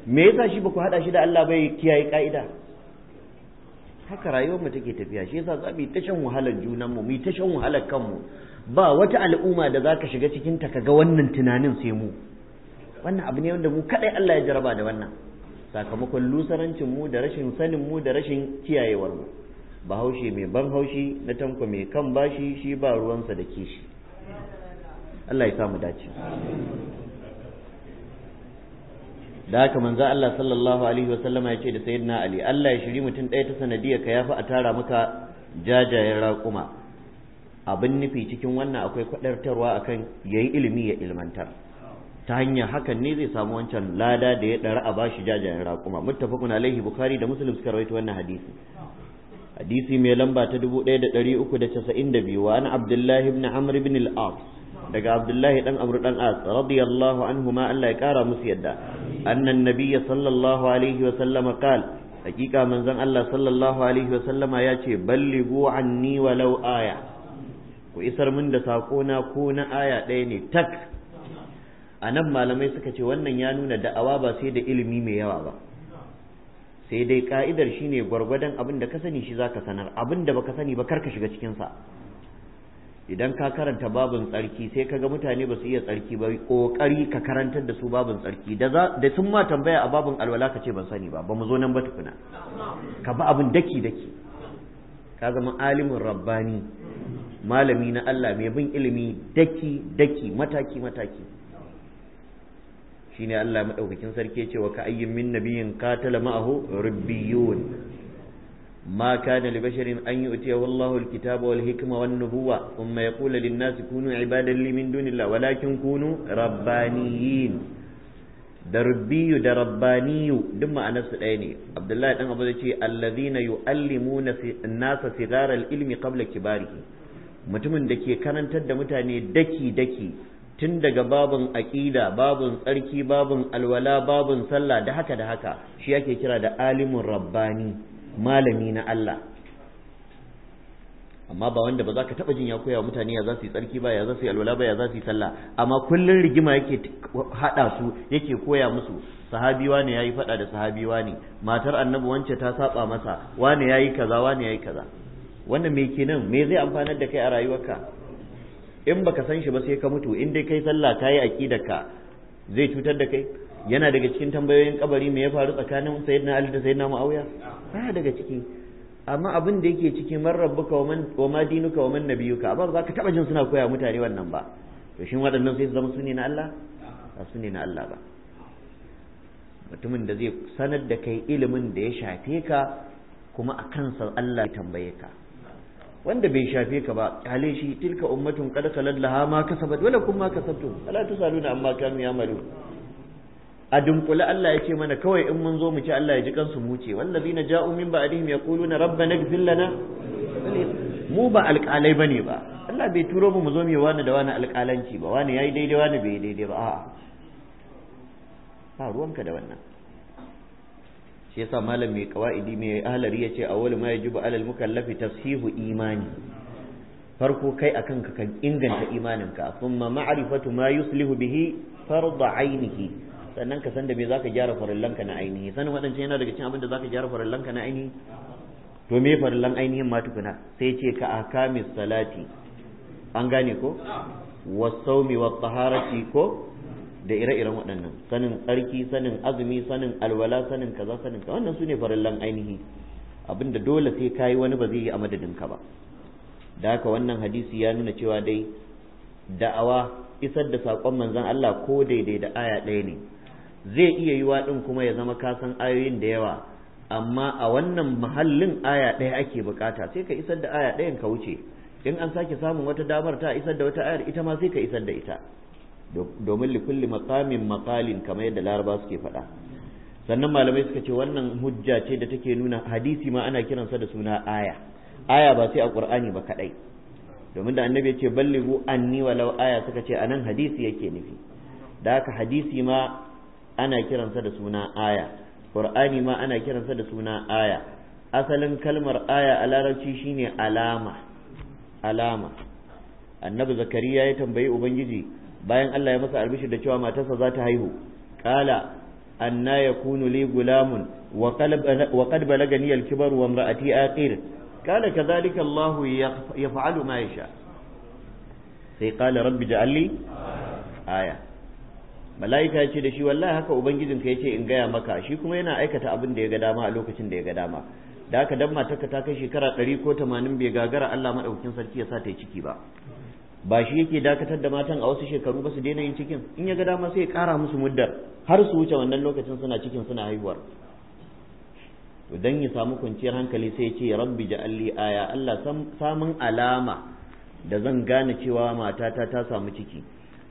me yasa shi baku haɗa shi da Allah bai kiyaye ka'ida haka rayuwar mu take tafiya shi yasa zabi ta shan wahalar junan mu mu ta shan wahalar kanmu ba wata al'umma da zaka shiga cikin ta kaga wannan tunanin sai mu wannan abu ne wanda mu kadai Allah ya jaraba da wannan sakamakon lusarancin mu da rashin sanin mu da rashin kiyayewar mu bahaushe mai ban haushi na tanko mai kan bashi shi ba ruwansa da kishi Allah ya samu dace da haka manzo Allah sallallahu alaihi wasallama ya ce da sayyidina Ali Allah ya shiri mutum ɗaya ta sanadiyar ka yafi a tara maka jajayen raƙuma abin nufi cikin wannan akwai kwadartarwa akan yayi ilimi ya ilmantar ta hanyar hakan ne zai samu wancan lada da ya dara a bashi jajayen raƙuma muttafaqun alaihi bukhari da muslim suka rawaito wannan hadisi hadisi mai lamba ta 1392 wa an abdullahi ibn amr ibn al-as daga abdullahi dan amr dan as radiyallahu anhuma Allah ya kara musu yadda annan nabiyya sallallahu alaihi wa sallama qala hakika manzon Allah sallallahu alaihi wa sallama ya ce ballighu anni walau aya ku isar min da sako na ko na aya ɗaya ne tak a nan malamai suka ce wannan ya nuna da'awa ba sai da ilimi mai yawa ba sai dai ka'idar shine gwargwadon abin da ka sani shi zaka sanar abin da baka sani ba karka shiga cikin sa idan ka karanta babin tsarki sai kaga mutane ba su iya tsarki ba kokari ka karantar da su babin tsarki da da sun ma tambaya a babin alwala ka ce ban sani ba ba mu zo nan ba tukuna ka ba abin daki daki ka zama alimin rabbani malami na Allah mai bin ilimi daki daki mataki mataki shine Allah madaukakin sarki ya ce wa ka ayyin min nabiyyin qatala ma'ahu rabbiyun ما كان لبشر أن يؤتيه الله الكتاب والحكمة والنبوة ثم يقول للناس كونوا عبادا لي من دون الله walakin kunu ربانيين da rubbiyu da rabbaniyu duk ma'anarsu ɗaya ne abdullahi dan abu ce allazina yu'allimuna nasa sigaral ilmi qabla kibarihi mutumin da ke karantar da mutane daki daki tun daga babun aƙida babun tsarki babun alwala babun sallah da haka da haka shi yake kira da alimun rabbani malami na Allah amma ba wanda ba za ka taɓa jin ya koya mutane ya za su yi tsarki ba ya za su yi alwala ba ya za su yi sallah amma kullum rigima yake haɗa su yake koya musu sahabi wane ya yi faɗa da sahabi wane matar annabi wance ta saba masa wane ya yi kaza wane ya yi kaza wannan me kenan me zai amfanar da kai a rayuwarka in baka san shi ba sai ka mutu in dai kai sallah kayi aqidarka zai cutar da kai yana daga cikin tambayoyin kabari me ya faru tsakanin sayyidina Ali da sayyidina Muawiya ba daga ciki amma abin da yake cikin man rabbuka wa man wa ma dinuka wa man nabiyuka ba za ka taba jin suna koya mutane wannan ba to shin waɗannan sai su zama sunni na Allah ba sunni na Allah ba mutumin da zai sanar da kai ilimin da ya shafe ka kuma akan sa Allah ya tambaye ka wanda bai shafe ka ba kale shi tilka ummatun qad khalat laha ma kasabat wala kum ma kasabtu ala tusaluna amma kanu yamalu a dunkule Allah ya ce mana kawai in mun zo mu ci Allah ya ji kansu mu ce na ja'u min ba'dihim yaquluna rabbana ighfir lana mu ba alƙalai bane ba Allah bai turo mu mu zo mu wani da wani alƙalanci ba wani yayi daidai wani bai daidai ba a'a ba ruwanka da wannan shi yasa malam mai kawaidi mai ahlari ce awwal ma yajibu alal mukallafi tashihu imani farko kai akan ka kan inganta imaninka thumma ma'rifatu ma yuslihu bihi farda ainihi sannan ka san da me zaka gyara farillanka na ainihi sanin wadancan yana daga cikin abin da zaka gyara farillanka na ainihi to me farillan ainihin ma tukuna sai ce ka akamis salati an gane ko wa sawmi wa taharati ko da ire-iren waɗannan sanin tsarki sanin azumi sanin alwala sanin kaza sanin ka wannan su ne farillan ainihi abinda dole sai kayi wani ba zai yi a madadinka ba da haka wannan hadisi ya nuna cewa dai da'awa isar da saƙon manzon Allah ko daidai da aya ɗaya ne zai iya yiwa ɗin kuma ya zama kasan ayoyin da yawa amma a wannan mahallin aya ɗaya ake bukata sai ka isar da aya ɗayan ka wuce in an sake samun wata damar ta isar da wata ayar ita ma sai ka isar da ita domin likulli maqamin maqalin kamar yadda laraba suke faɗa sannan malamai suka ce wannan hujja ce da take nuna hadisi ma ana kiransa da suna aya aya ba sai a qur'ani ba kadai domin da annabi ya ce ballighu anni walau aya suka ce anan hadisi yake nufi da haka hadisi ma ana kiransa da suna aya qur'ani ma ana kiransa da suna aya asalin kalmar aya a larabci shine alama alama annabi zakariya ya tambayi ubangiji bayan Allah ya masa albishir da cewa matarsa za ta haihu qala anna yakunu li gulamun wa qad balagani al-kibar wa imra'ati aqir qala kadhalika Allah yaf'alu ma yasha sai qala rabbi ja'alli aya mala'ika ya ce da shi wallahi haka ubangijin ya ce in gaya maka shi kuma yana aikata abin da ya ga dama a lokacin da ya ga dama da haka dan matarka ta kai shekara ɗari ko tamanin bai gagara Allah maɗaukakin sarki ya sa ta yi ciki ba ba shi yake dakatar da matan a wasu shekaru ba su daina yin cikin in ya ga dama sai ya kara musu muddar har su wuce wannan lokacin suna cikin suna haihuwar to dan ya samu kwanciyar hankali sai ya ce rabbi ja'alli aya Allah samun alama da zan gane cewa matata ta samu ciki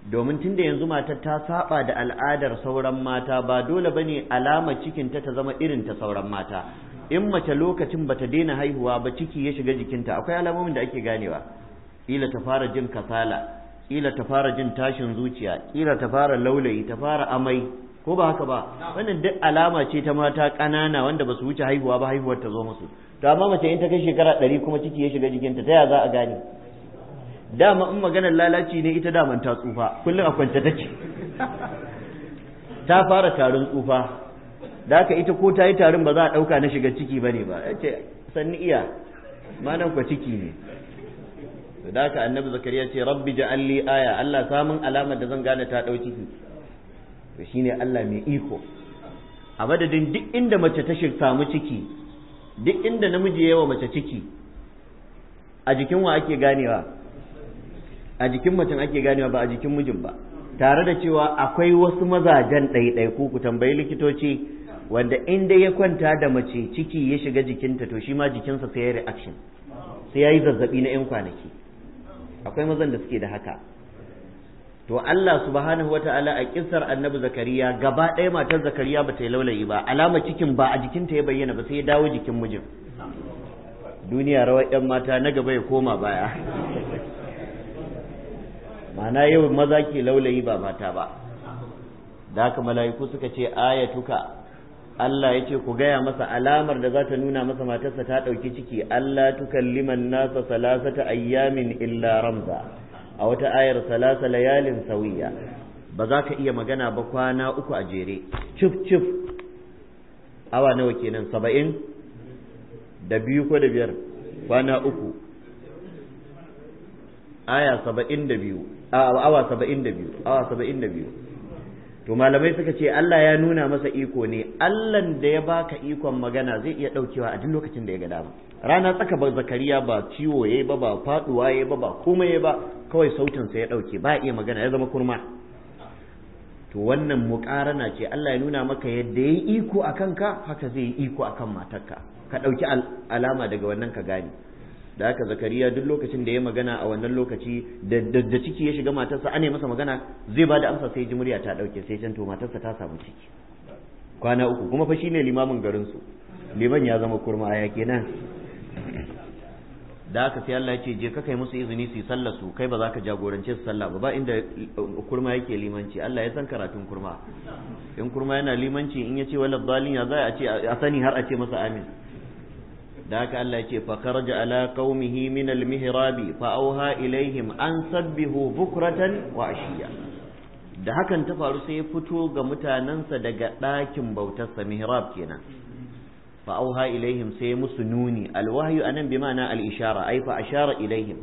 domin tunda yanzu mata ta saba da al'adar sauran mata ba dole bane alamar cikin ta ta zama irin ta sauran mata in mace lokacin bata daina haihuwa ba ciki ya shiga jikinta akwai alamomin da ake ganewa ila ta fara jin kasala kila ta fara jin tashin zuciya ila ta fara laulayi ta fara amai ko ba haka ba wannan duk alama ce ta mata ƙanana wanda ba su wuce haihuwa ba haihuwar ta zo musu to amma mace in ta kai shekara ɗari kuma ciki ya shiga jikinta ta ya za a gane dama in maganar lalaci ne ita daman ta tsufa kullum a kwance take ta fara tarin tsufa da haka ita ko ta yi tarin ba za a ɗauka na shiga ciki ba ne ba ya ce sanni manan kwa ciki ne to da ka annabi zakariya ce rabbi ja'al li aya Allah samun alamar da zan gane ta dauki to shine Allah mai iko a madadin duk inda mace ta samu ciki duk inda namiji yawa mace ciki a jikin wa ake ganewa a jikin ake ganewa ba a jikin mijin ba tare da cewa akwai wasu mazajen ɗaiɗaiku ku tambayi likitoci wanda inda ya kwanta da mace ciki ya shiga jikinta to shi ma jikinsa sai ya reaction sai ya yi zazzabi na 'yan kwanaki akwai mazan da suke da haka to Allah subhanahu wata'ala a kissar annabi zakariya gaba ɗaya matar zakariya ba ta yi laulayi ba alama cikin ba a jikinta ya bayyana ba sai ya dawo jikin mijin duniya rawar 'yan mata na gaba ya koma baya mana yau maza ke laulayi ba mata ba da haka mala'iku suka ce ayatuka Allah ya ce ku gaya masa alamar da za ta nuna masa matarsa ta ɗauki ciki Allah tukalliman nasa salasata ayyamin illa ramza a wata ayar salasa layalin sauya. ba za ka iya magana ba kwana uku a jere cif cif awa nawa kenan saba'in da biyu ko da biyar kwana uku aya saba'in da biyu awa saba'in da biyu awa saba'in da biyu to malamai suka ce Allah ya nuna masa iko ne Allahn da ya baka ikon magana zai iya daukewa a duk lokacin da ya ga dama rana tsaka ba zakariya ba ciwo yayi ba ba faduwa yayi ba ba komai yayi ba kawai sautin sa ya dauke ba iya magana ya zama kurma to wannan muqarana ce Allah ya nuna maka yadda yayi iko akan ka haka zai yi iko akan matarka ka dauki alama daga wannan ka gane da haka zakariya duk lokacin da ya magana a wannan lokaci da ciki ya shiga matarsa ane masa magana zai ba da amsa sai ji murya ta dauke sai can to matarsa ta samu ciki kwana uku kuma fa shine limamin garin su liman ya zama kurma aya kenan da haka sai Allah ya ce je ka kai musu izini su sallah su kai ba za ka jagorance su sallah ba ba inda uh, kurma yake limanci Allah ya san karatun kurma in kurma yana limanci in ya ce wala ya za a ce a sani har a ce masa amin da haka Allah ce fa kharaja ala qaumihi min al fa auha ilaihim an sabbihu bukratan wa ashiya da hakan ta faru sai ya fito ga mutanansa daga ɗakin bautarsa mihrab kenan fa auha ilaihim sai musu nuni alwahyu anan bi ma'ana al ishara ai fa ashara ilaihim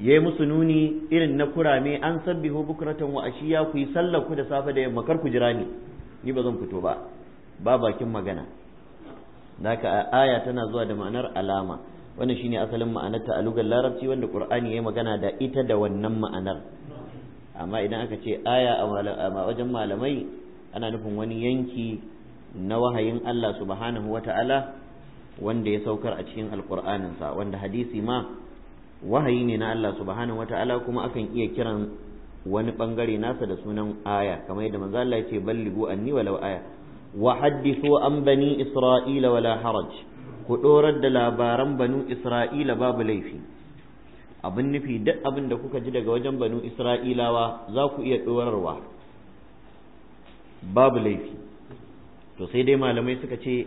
yayi musu nuni irin na kurame an sabbihu bukratan wa ashiya ku yi sallar ku da safe da yamma kar ku jira ni ni ba zan fito ba ba bakin magana naka aya tana zuwa da ma'anar alama wannan shine asalin ma'anarta a lugar larabci wanda qur'ani ya magana da ita da wannan ma'anar amma idan aka ce aya a wajen malamai ana nufin wani yanki na wahayin Allah subhanahu wata'ala wanda ya saukar a cikin sa wanda hadisi ma wahayi ne na Allah subhanahu wata'ala kuma akan iya kiran wani bangare nasa da sunan aya kamar yadda manzo Allah ya ce balligu anni walau aya wa haddithu an bani isra'ila wala haraj ku dorar da labaran banu isra'ila babu laifi abin nufi duk abin da kuka ji daga wajen banu isra'ilawa za ku iya ɗorarwa, babu laifi to sai dai malamai suka ce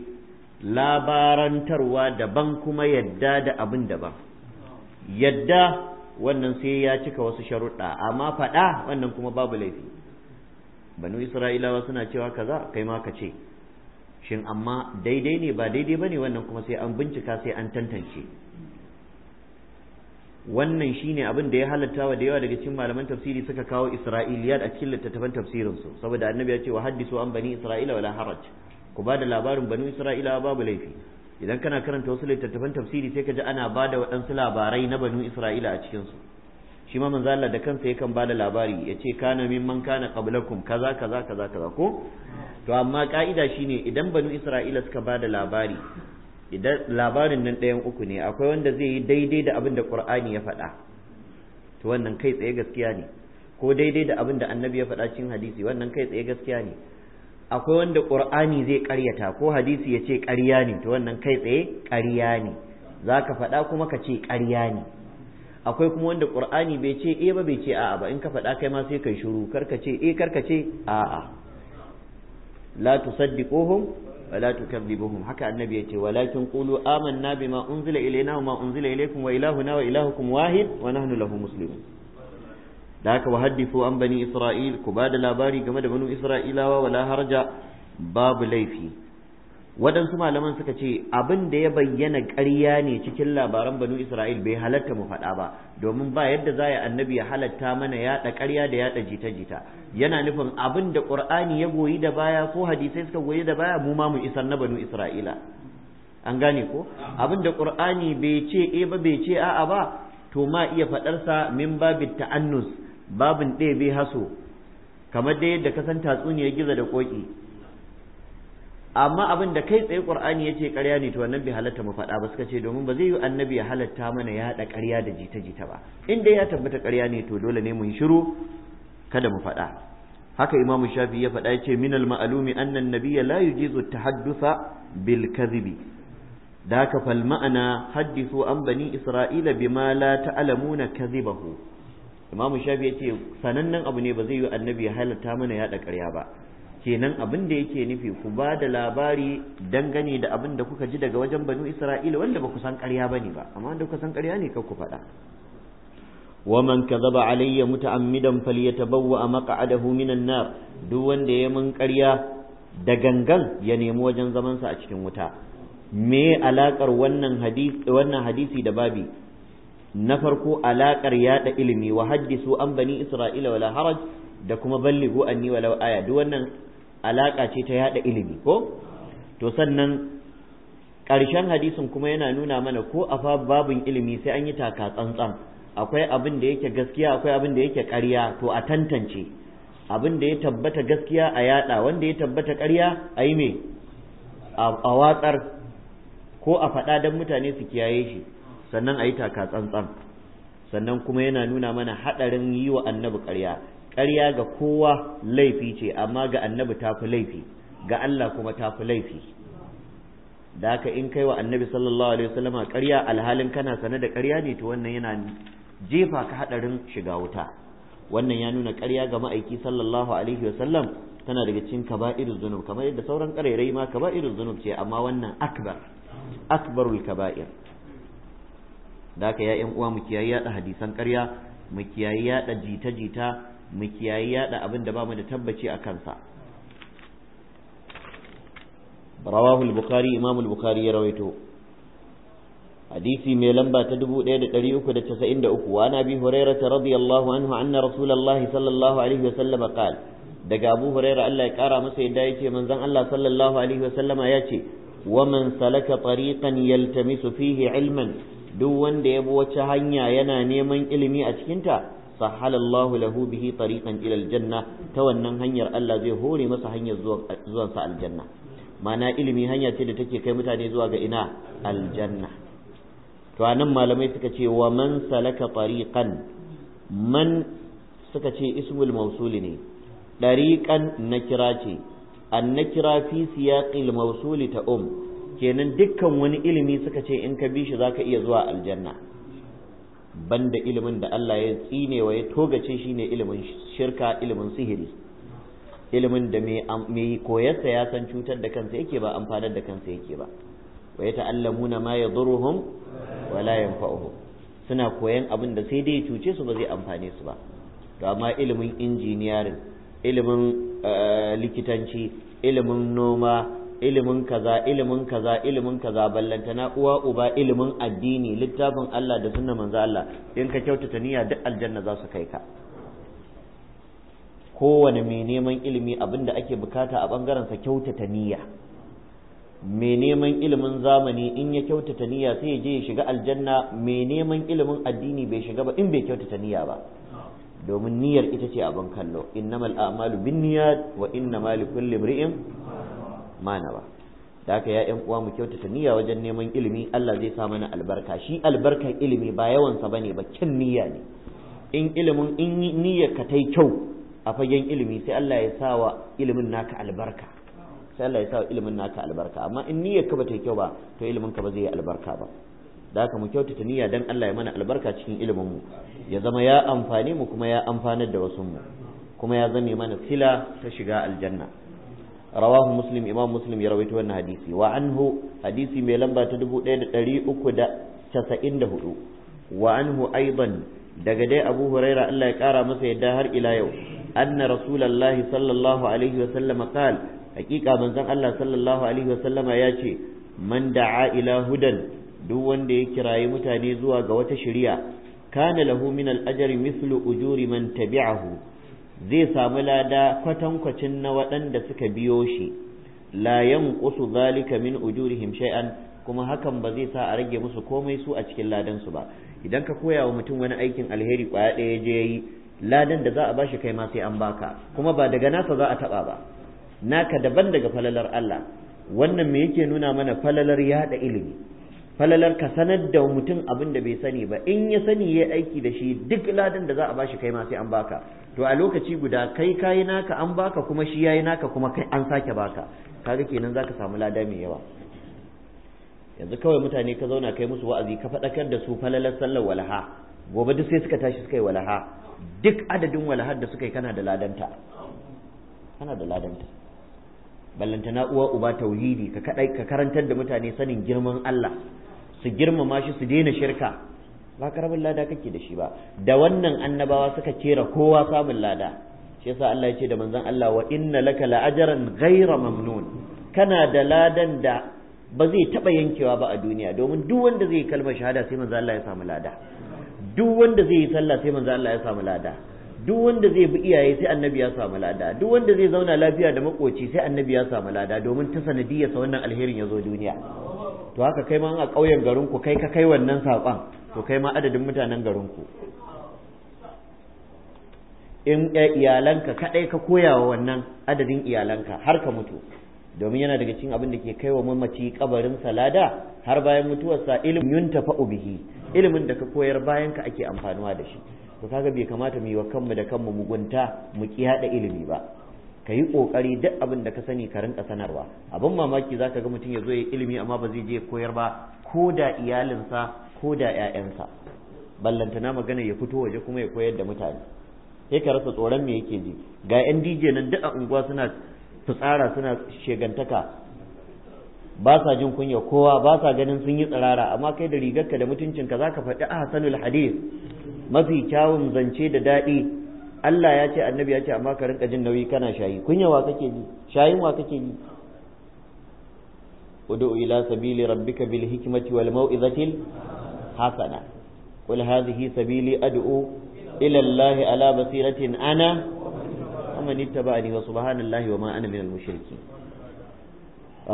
labarantarwa daban kuma yadda da abin daban yadda wannan sai ya cika wasu sharuɗa amma faɗa wannan kuma babu laifi banu isra'ilawa suna cewa kaza kai ma ka ce shin amma daidai ne ba daidai bane wannan kuma sai an bincika sai an tantance wannan shine abin da ya halatta wa da yawa daga cikin malaman tafsiri suka kawo isra'iliyat a cikin littattafan tafsirin su saboda annabi ya ce wa haddisu an bani isra'ila wala haraj ku ba da labarin banu isra'ila babu laifi idan kana karanta wasu littattafan tafsiri sai ka ji ana ba da waɗansu labarai na banu isra'ila a cikin su shi ma manzo Allah da kansa yakan ba da labari ya ce kana mimman kana qablakum kaza kaza kaza kaza ko to amma ka'ida shine idan banu Isra'ila suka ba da labari idan labarin nan ɗayan uku ne akwai wanda zai yi daidai da abin da Qur'ani ya faɗa to wannan kai tsaye gaskiya ne ko daidai da abin da annabi ya faɗa cikin hadisi wannan kai tsaye gaskiya ne akwai wanda ƙur'ani zai ƙaryata ko hadisi ya ce ƙarya ne to wannan kai tsaye ƙarya ne za ka faɗa kuma ka ce ƙarya ne akwai kuma wanda qur'ani bai ce eh ba bai ce a'a ba in ka faɗa kai ma sai kai shiru karka ce eh karka ce a'a la tusaddiquhum wa la tukadzibuhum haka annabi yace walakin qulu amanna bima unzila ilayna wa ma unzila ilaykum wa ilahuna wa ilahukum wahid wa nahnu lahu muslimun da haka wa haddifu an bani isra'il ku ba da labari game da banu isra'ilawa wala haraja babu laifi waɗansu malaman suka ce abin da ya bayyana ƙarya ne cikin labaran banu isra'il bai halatta mu faɗa ba domin ba yadda za ya annabi ya halatta mana yaɗa ƙarya da yaɗa jita-jita yana nufin abin da ƙur'ani ya goyi da baya ko hadisai suka goyi da baya mu ma mu isar na banu isra'ila an gane ko abin da ƙur'ani bai ce e ba bai ce a'a ba to ma iya faɗarsa min babin ta'annus babin ɗebe haso kamar dai yadda ka san tatsuniyar gizo da ƙoƙi amma abin da kai tsaye qur'ani yace ƙarya ne to wannan bai halatta mu faɗa ba suka ce domin ba zai yi annabi ya halatta mana ya haɗa ƙarya da jita jita ba in dai ya tabbata ƙarya ne to dole ne mu shiru kada mu faɗa haka imamu shafi ya faɗa yace min al ma'lumi anna an-nabiyya la yujizu tahaddusa bil kadhibi da haka fal ma'ana hadithu an bani isra'ila bima la ta'lamuna kadhibahu imamu shafi yace sanannen abu ne ba zai yi annabi ya halatta mana ya haɗa ƙarya ba kenan abin da yake nufi ku ba da labari dangane da abin da kuka ji daga wajen banu isra'ila wanda ba ku san ƙarya bane ba amma wanda kuka san ƙarya ne kai ku faɗa wa man kadhaba alayya muta'ammidan falyatabawwa maq'adahu minan nar duk wanda ya mun ƙarya da gangan ya nemi wajen zaman a cikin wuta me alakar wannan hadisi wannan hadisi da babi na farko alakar yada ilimi wa haddisu an bani isra'ila wala haraj da kuma balligo anni wala aya duk wannan alaka ce ta yada ilimi ko to sannan ƙarshen hadisin kuma yana nuna mana ko a babin ilimi sai an yi taka tsantsan akwai abin da yake gaskiya akwai abin da yake ƙarya to a tantance abin da ya tabbata gaskiya a yada wanda ya tabbata ƙarya a yi me a watsar ko a faɗa don mutane su kiyaye shi sannan a yi taka tsantsan sannan kuma yana nuna mana haɗarin yi wa annabi ƙarya ƙarya ga kowa laifi ce amma ga annabi ta fi laifi ga Allah kuma ta fi laifi da haka in kai wa annabi sallallahu alaihi wasallama ƙarya alhalin kana sane da ƙarya ne to wannan yana jefa ka haɗarin shiga wuta wannan ya nuna ƙarya ga ma'aiki sallallahu alaihi wasallam tana daga cikin kaba'irul zunub kamar yadda sauran ƙarairai ma kaba'irul zunub ce amma wannan akbar akbarul kaba'ir da haka ya'yan uwa mu kiyayi hadisan ƙarya mu kiyayi jita-jita mu kiyayi yada abin da bamu da tabbaci a kansa rawahu al-bukhari imam al-bukhari ya rawaito hadisi mai lamba ta 1393 wa nabi hurairah radiyallahu anhu anna rasulullahi sallallahu alaihi wa sallam qala daga abu huraira Allah ya kara masa yadda ya ce manzon Allah sallallahu alaihi wasallama ya ce wa man salaka tariqan yaltamisu fihi ilman duk wanda ya bi wata hanya yana neman ilimi a cikinta sahala Allah lahu bihi tariqan ila aljanna ta wannan hanyar Allah zai hore masa hanyar zuwansa aljanna mana ilimi hanya ce da take kai mutane zuwa ga ina aljanna to anan malamai suka ce wa man salaka tariqan man suka ce ismul mawsuli ne dariqan nakira ce an nakira fi siyaqil mawsuli ta um kenan dukkan wani ilimi suka ce in ka bi shi za ka iya zuwa aljanna banda ilimin da Allah ya tsinewa ya togace shi ne ilimin shirka ilimin sihiri ilimin da mai koyarsa ya san cutar da kansa yake ba amfanar da kansa yake ba wa na ma ya yadurruhum wa la fa'uhu? suna koyan abin da sai dai cuce su ba zai amfane su ba to amma ilimin injiniyarin ilimin eh, likitanci ilimin noma ilimin kaza ilimin kaza ilimin kaza na uwa uba ilimin addini littafin Allah da sunna manzo Allah in ka kyautata niyya duk aljanna za su kai ka kowane mai neman ilimi abinda ake bukata a bangaren sa kyautata niyya mai neman ilimin zamani in ya kyautata niyya sai ya je ya shiga aljanna mai neman ilimin addini bai shiga ba in bai kyautata niyya ba domin niyyar ita ce abin kallo innamal a'malu binniyat wa innamal likulli imri'in mana ba da haka ya uwa mu kyautata niyya wajen neman ilimi Allah zai sa mana albarka shi albarkar ilimi ba yawansa bane ba kyan niyya ne in ilimin in niyyar ka tai kyau a fagen ilimi sai Allah ya sa wa ilimin naka albarka sai Allah ya sa wa ilimin naka albarka amma in niyyar ka ba tai kyau ba to ilimin ka ba zai yi albarka ba da haka mu kyautata niyya dan Allah ya mana albarka cikin ilimin mu ya zama ya amfane mu kuma ya amfanar da wasu mu kuma ya zame mana sila ta shiga aljanna rawahu muslim imam muslim ya rawaito wannan hadisi wa anhu hadisi mai lamba ta dubu da hudu wa anhu aiban daga dai abu huraira Allah ya kara masa yadda har ila yau anna rasulallahi sallallahu alaihi wa sallama qal hakika manzon Allah sallallahu alaihi wa sallama ya ce man da'a ila hudan duk wanda ya kirayi mutane zuwa ga wata shari'a kana lahu min al-ajri mithlu ujuri man tabi'ahu zai samu lada kwatankwacin na waɗanda suka biyo shi la kusu, zalika min ujurihim shay'an kuma hakan ba zai sa a rage musu komai su a cikin ladansu ba idan ka koya wa mutum wani aikin alheri kwaya ɗaya je yi ladan da za a bashi kai ma sai an baka kuma ba daga nasa za a taɓa ba naka daban daga falalar Allah wannan me yake nuna mana falalar yaɗa ilimi falalar ka sanar da mutum abin da bai sani ba in ya sani ya aiki da shi duk ladan da za a bashi kai ma sai an baka to a lokaci guda kai kayi naka an baka kuma shi yayi naka kuma kai an sake baka kaga kenan zaka samu lada mai yawa yanzu kawai mutane ka zauna kai musu wa'azi ka faɗakar da su falalar sallar walaha gobe duk sai suka tashi suka yi walaha duk adadin walahar da suka yi kana da ladanta kana da ladanta na uwa uba tauhidi ka kadai ka karantar da mutane sanin girman Allah su girmama shi su daina shirka ba karamin lada kake da shi ba da wannan annabawa suka cera kowa samun lada shi yasa Allah ya ce da manzon Allah wa inna laka la'ajran ghayra mamnun kana da ladan da ba zai taba yankewa ba a duniya domin duk wanda zai yi kalmar shahada sai manzon Allah ya samu lada duk wanda zai yi sallah sai manzon Allah ya samu lada duk wanda zai bi iyaye sai annabi ya samu lada duk wanda zai zauna lafiya da makoci sai annabi ya samu lada domin ta sa wannan alherin ya zo duniya to haka kai ma a ƙauyen garin ku kai ka kai wannan saƙon to kai ma adadin mutanen garinku in eh, iyalanka kadai ka koya wa wannan adadin iyalanka har ka mutu domin yana daga cikin abin da ke kai wa mamaci kabarin salada har bayan mutuwarsa ilimin yun tafa bihi ilimin da ka koyar bayan ka ake amfanuwa da shi to kaga bai kamata mu yi wa kanmu da kanmu mugunta mu ki hada ilimi ba ka yi kokari duk abin da ka sani ka rinka sanarwa abin mamaki zaka ga mutum ya zo ya ilimi amma ba zai je koyar ba ko da iyalinsa ko da 'ya'yansa ballantana magana ya fito waje kuma ya koyar da mutane sai ka rasa tsoron me yake ji ga 'yan dj nan duk a unguwa suna fitsara suna shegantaka ba sa jin kunya kowa ba sa ganin sun yi tsirara amma kai da rigarka da mutuncinka za ka faɗi ahsanul hadith mafi kyawun zance da daɗi Allah ya ce annabi ya ce amma ka rinka jin nauyi kana shayi kunya wa kake ji shayin wa kake ji ud'u ila sabili rabbika bil hikmati wal mau'izatil hasana qul sabili ad'u ila Allah ala basiratin ana wa man ittaba'ani wa subhanallahi wa ma ana minal mushrikeen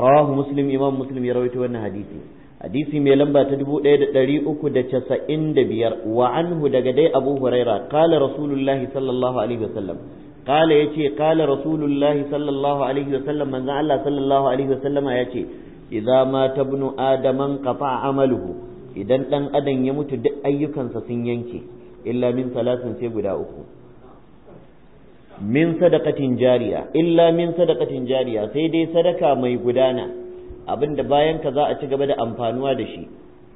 rawahu muslim imam muslim ya rawaito wannan hadisi hadisi mai lamba ta 1395 wa anhu daga dai abu huraira qala rasulullahi sallallahu alaihi wasallam qala yace qala rasulullahi sallallahu alaihi wasallam manzo Allah sallallahu alaihi wasallama yace idza ma tabnu adaman qata amaluhu idan ɗan adam ya mutu duk ayyukansa sun yanke illa min salatin sai guda uku min sadakatin jariya illa min sadakatin jariya sai dai sadaka mai gudana abinda bayan ka za a ci gaba da amfanuwa da shi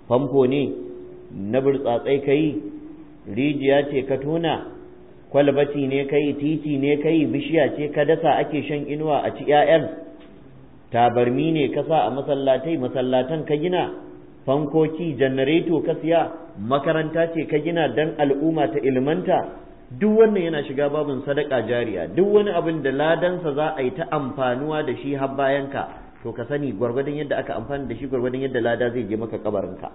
famfo ne na burtsatsai ka rijiya ce ka tona kwalbati ne ka titi ne kai bishiya ce ka dasa ake shan inuwa a ci 'ya'yan tabarmi ne ka sa a masallatai masallatan ka gina fankoki janareto ka siya makaranta ce ka gina dan al'umma ta ilmanta duk wannan yana shiga babin sadaka jariya duk wani abin da ladansa za a yi ta amfanuwa da shi har bayan ka to ka sani gwargwadon yadda aka amfana da shi gwargwadon yadda lada zai je maka kabarinka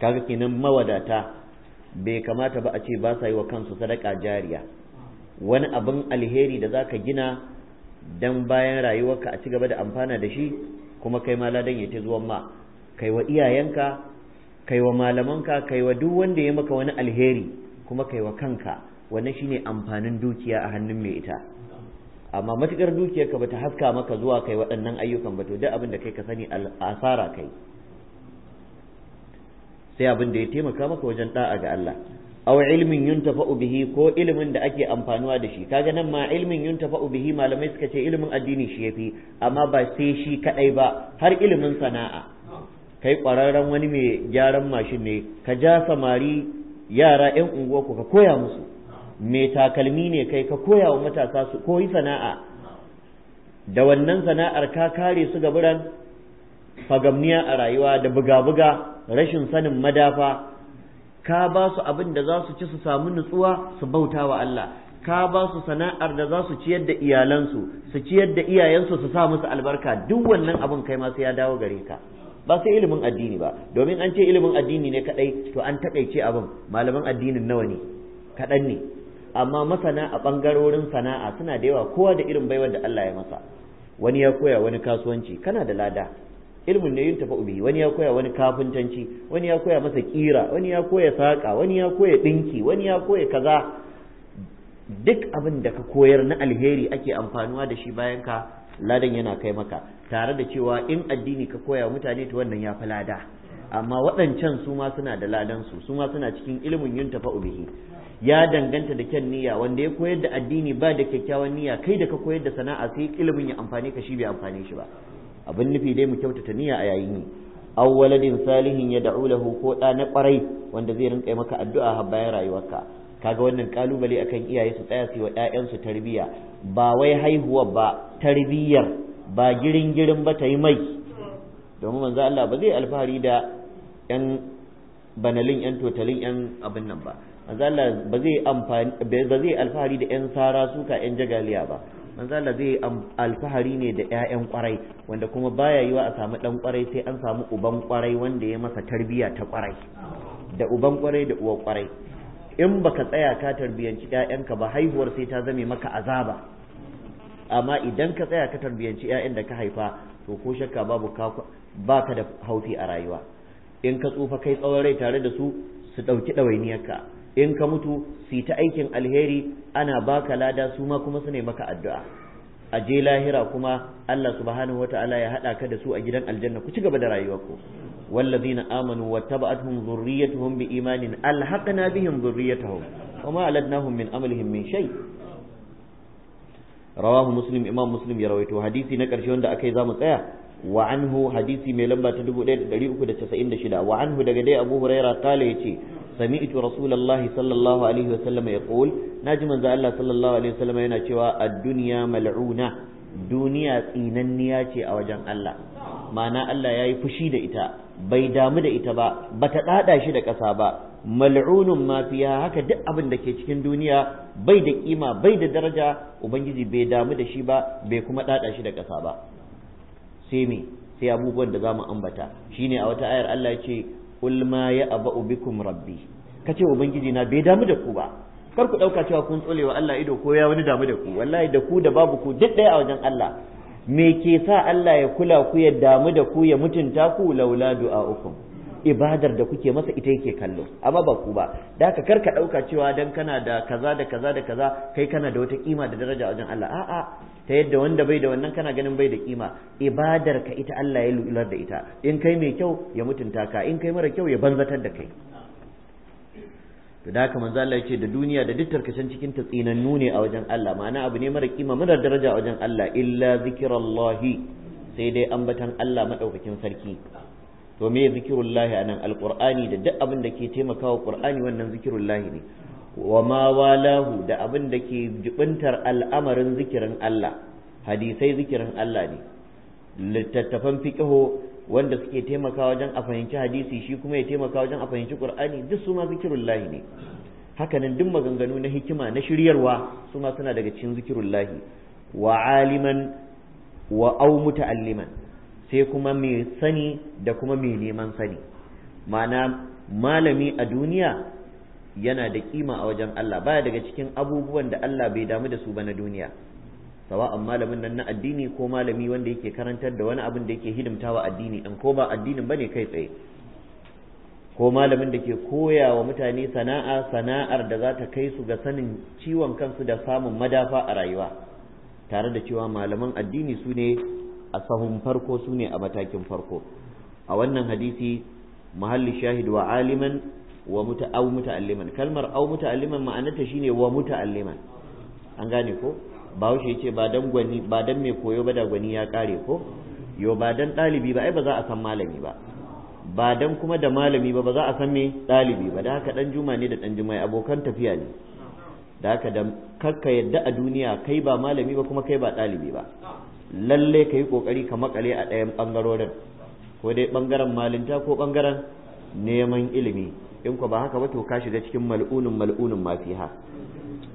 kaga kenan mawadata bai kamata ba a ce ba sa yi wa kansu sadaka jariya wani abin alheri da za ka gina dan bayan rayuwarka a ci gaba da amfana da shi kuma kai ma ladan ya ta zuwan ma Kaiwa iyayenka kai wa malamanka kai duk wanda ya maka wani alheri kuma kai kanka wannan shine amfanin dukiya a hannun mai ita amma matukar dukiyarka bata haska maka zuwa kai waɗannan ayyukan ba to duk abin da kai ka sani asara kai sai abin da ya taimaka maka wajen da'a ga Allah aw ilmin yuntafa'u bihi ko ilmin da ake amfanuwa da shi kaga nan ma ilmin yuntafa'u bihi malamai suka ce ilmin addini shi yafi amma ba sai shi kadai ba har ilmin sana'a kai ƙwararren wani mai gyaran mashin ne ka ja samari yara 'yan ku ka koya musu mai takalmi ne kai ka koya wa matasa su koyi sana'a da wannan sana'ar ka kare su ga gaburan fagamniya a rayuwa da buga-buga rashin sanin madafa ka ba su abin da za su ci su samu nutsuwa su bauta wa Allah ka ba su sana'ar da za su ciyar da iyalansu su ciyar da iyayensu su sa musu albarka duk wannan abin kai ma sai ya dawo gare ka ba sai ilimin addini ba domin an ce ilimin addini ne kadai to an takaice abin malaman addinin nawa ne kadan ne amma masana a bangarorin sana'a suna da yawa kowa da irin baiwar da Allah ya masa wani ya koya wani kasuwanci kana da lada ilimin ne yin tafa ubi wani ya koya wani kafintanci wani ya koya masa kira wani ya koya saka wani ya koya dinki wani ya koya kaza duk abin da ka koyar na alheri ake amfanuwa da shi bayan ka ladan yana kai maka tare da cewa in addini ka koya mutane to wannan ya fi lada amma waɗancan su ma suna da ladan su su ma suna cikin ilimin yin tafa ubihi ya danganta da kyan niyya wanda ya koyar da addini ba da kyakkyawan niyya kai da ka koyar da sana'a sai ilimin ya amfane ka shi bai amfane shi ba abin nufi dai mu kyautata niyya a yayin yi awwaladin salihin ya da'u lahu ko da na kwarai wanda zai rinka maka addu'a har bayan rayuwarka kaga wannan kalubale akan iyaye su tsaya su wa wa su tarbiyya ba wai haihuwa ba tarbiyar, ba girin girin ba ta yi mai domin manzo Allah ba zai alfahari da ƴan banalin ƴan totalin ƴan abin nan ba manzo Allah ba zai amfani ba zai alfahari da ƴan sara suka ƴan jagaliya ba manzo Allah zai alfahari ne da ƴaƴan kwarai wanda kuma baya yiwa a samu dan kwarai sai an samu uban kwarai wanda ya masa tarbiyya ta kwarai da uban kwarai da uwa kwarai in baka tsaya ka tarbiyanci 'ya'yanka ba haihuwar sai ta zame maka azaba amma idan ka tsaya ka tarbiyanci 'ya'yan da ka haifa to ko shakka babu baka da haufi a rayuwa in ka tsufa kai tsawon rai tare da su su ɗauki ɗawainiyarka in ka mutu su ta aikin alheri ana baka lada su ma kuma su ne maka addu'a a je lahira kuma Allah subhanahu ta'ala ya haɗa ka da su a gidan aljanna ku ci gaba da rayuwarku والذين آمنوا واتبعتهم ذريتهم بإيمان ألحقنا بهم ذريتهم وما ألدناهم من أملهم من شيء رواه مسلم إمام مسلم يرويته حديثي نكر شون دا أكي زام سيا وعنه حديثي ميلمبا تدبو ليل دليوك دا تسعين دا شدا وعنه دا قدي أبو هريرة قال يتي سمعت رسول الله صلى الله عليه وسلم يقول ناجما ذا الله صلى الله عليه وسلم ينا الدنيا ملعونة duniya tsinanniya ce a wajen Allah ma'ana Allah ya yi fushi da ita bai damu da ita ba bata ɗaɗa shi da ƙasa ba mal'unun mafiya haka duk abin da ke cikin duniya bai da kima bai da daraja ubangiji bai damu da shi ba bai kuma ɗaɗa shi da ƙasa ba sai me sai abubuwan da zamu ambata shine a wata ayar Allah ce kul ma ya'ba'u bikum rabbi kace ubangiji na bai damu da ku ba kar ku ɗauka cewa kun tsolewa Allah ido ko ya wani damu da ku wallahi da ku da babu ku duk ɗaya a wajen Allah me ke sa Allah ya kula ku ya damu da ku ya mutunta ku laula uku ibadar da kuke masa ita yake kallo amma ba ku ba da haka kar ka dauka cewa dan kana da kaza da kaza da kaza kai kana da wata kima da daraja wajen Allah a'a ta yadda wanda bai da wannan kana ganin bai da kima ibadar ka ita Allah ya lura da ita in kai mai kyau ya mutunta ka in kai mara kyau ya banzatar da kai to da haka manzo Allah yake da duniya da duk tarkacen cikin ta tsinannu ne a wajen Allah ma'ana abu ne mara kima mara daraja a wajen Allah illa zikrullahi sai dai ambatan Allah madaukakin sarki to me zikrullahi anan alqur'ani da duk abin da ke taimakawa qur'ani wannan zikrullahi ne wa ma walahu da abin da ke jibintar al'amarin zikirin Allah hadisai zikirin Allah ne littattafan fiqhu wanda suke taimaka wajen a fahimci hadisi shi kuma ya taimaka wajen a fahimci qur'ani duk su ma zikirullahi ne hakanan duk maganganu na hikima na shiryarwa su ma suna daga cikin zikirullahi wa aliman wa au muta'alliman sai kuma mai sani da kuma mai neman sani ma'ana malami a duniya yana da kima a wajen Allah baya daga cikin abubuwan da Allah bai damu da su ba na duniya sawa'an malamin nan na addini ko malami wanda yake karantar da wani abin da yake hidimtawa addini din ko ba addinin ba ne kai tsaye ko malamin da ke koya wa mutane sana'a sana'ar da za ta kai su ga sanin ciwon kansu da samun madafa a rayuwa tare da cewa malaman addini su ne a sahun farko su ne a matakin farko a wannan hadisi muhalli shahid wa aliman wa muta muta'alliman kalmar aw muta'alliman ma'anarta shine wa muta'alliman an gane ko ba wuce ce ba dan gwani ba dan mai koyo ba da gwani ya kare ko yo ba dan dalibi ba ai ba za a san malami ba ba dan kuma da malami ba ba za a san me dalibi ba da haka dan juma ne da dan jumai abokan tafiya ne da haka da kakka yadda a duniya kai ba malami ba kuma kai ba dalibi ba lalle ka yi kokari ka makale a ɗayan bangarorin ko dai bangaren malinta ko bangaren neman ilimi in ko ba haka ba to ka shiga cikin mal'unun mal'unun mafiha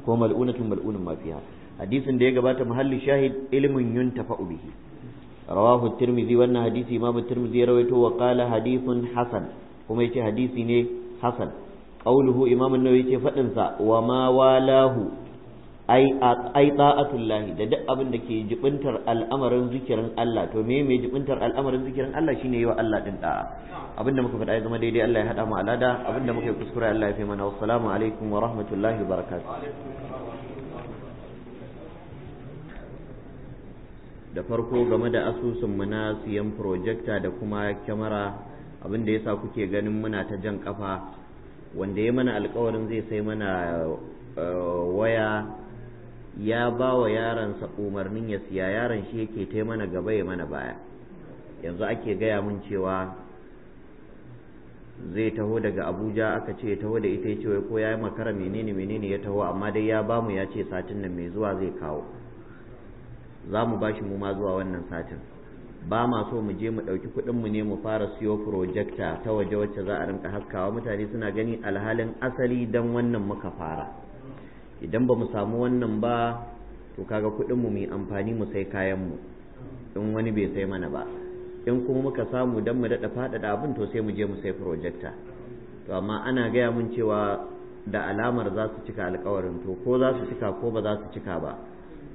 ko mal'unatun mal'unun mafiha hadisin da ya gabata muhalli shahid ilmin yuntafa bihi rawahu tirmidhi wannan hadisi imamu tirmidhi ya rawaito wa qala hadithun hasan kuma yace hadisi ne hasan qauluhu imamu nawawi yace fadin sa wa ma walahu ai ai lahi da duk abin da ke jibintar al'amarin zikirin Allah to me me jibintar al'amarin zikirin Allah shine yawa Allah din da abinda muka faɗa ya zama daidai Allah ya hada mu alada abinda muka yi kuskure Allah ya fi mana wassalamu alaikum wa rahmatullahi wa barakatuh da farko game da asusunmu na siyan projector da kuma kyamara abin da sa kuke ganin muna ta jan kafa wanda ya mana alkawarin zai sai mana eh, waya ya ba wa yaransa umarnin ya siya yaron shi yake ta mana gaba ya mana baya yanzu ake gaya mun cewa zai taho daga abuja aka ce ya taho da ita ya ce ko ya yi makara menene menene ya taho amma dai ya bamu ya ce satin nan mai zuwa zai kawo za mu shi mu ma zuwa wannan satin ba ma so mu je mu ɗauki kuɗin mu ne mu fara siyo projector ta waje wacce za a rinka haskawa mutane suna gani alhalin asali dan wannan muka fara idan ba mu samu wannan ba to kaga kuɗin mu mai amfani mu sai kayan mu in wani bai sai mana ba in kuma muka samu dan mu daɗa faɗaɗa abin to sai mu je mu sai projector to amma ana gaya mun cewa da alamar za su cika alkawarin to ko za su cika ko ba za su cika ba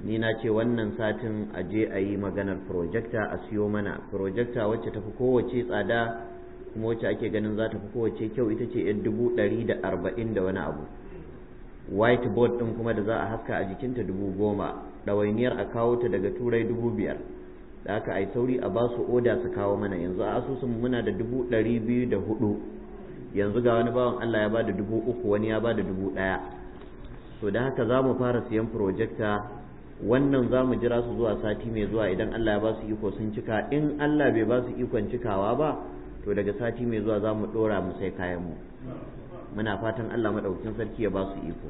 ni na ce wannan satin a je a yi maganar projecta a siyo mana projecta wacce tafi kowace tsada kuma wacce ake ganin za ta fi kowace kyau ita ce yan dubu ɗari da arba'in da wani abu whiteboard ɗin kuma da za a haska a jikinta dubu goma ɗawainiyar a kawo ta daga turai dubu biyar da aka ai sauri a ba su oda su kawo mana yanzu a asusun muna da dubu ɗari biyu da hudu yanzu ga wani bawan allah ya ba da dubu uku wani ya ba da dubu ɗaya to da haka za mu fara siyan projecta wannan za mu jira su zuwa sati mai zuwa idan Allah ya ba su iko sun cika in Allah bai ba su ikon cikawa ba to daga sati mai zuwa za mu ɗora mu sai kayan mu muna fatan Allah maɗaukin sarki ya ba su iko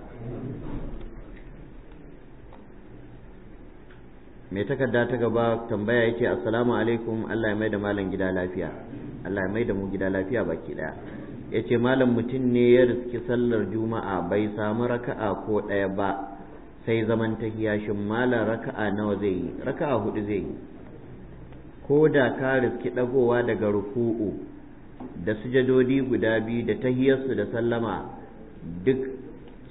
mai takarda ta gaba tambaya yake assalamu alaikum Allah ya mai da malam gida lafiya Allah ya mai mu gida lafiya baki daya yace malam mutum ne ya riski sallar juma'a bai samu raka'a ko ɗaya ba sai zaman tahiya shin mala raka'a nawa zai yi raka'a hudu zai yi ko da ka riski dagowa daga ruku'u da sujadodi guda biyu da tahiyarsu da sallama duk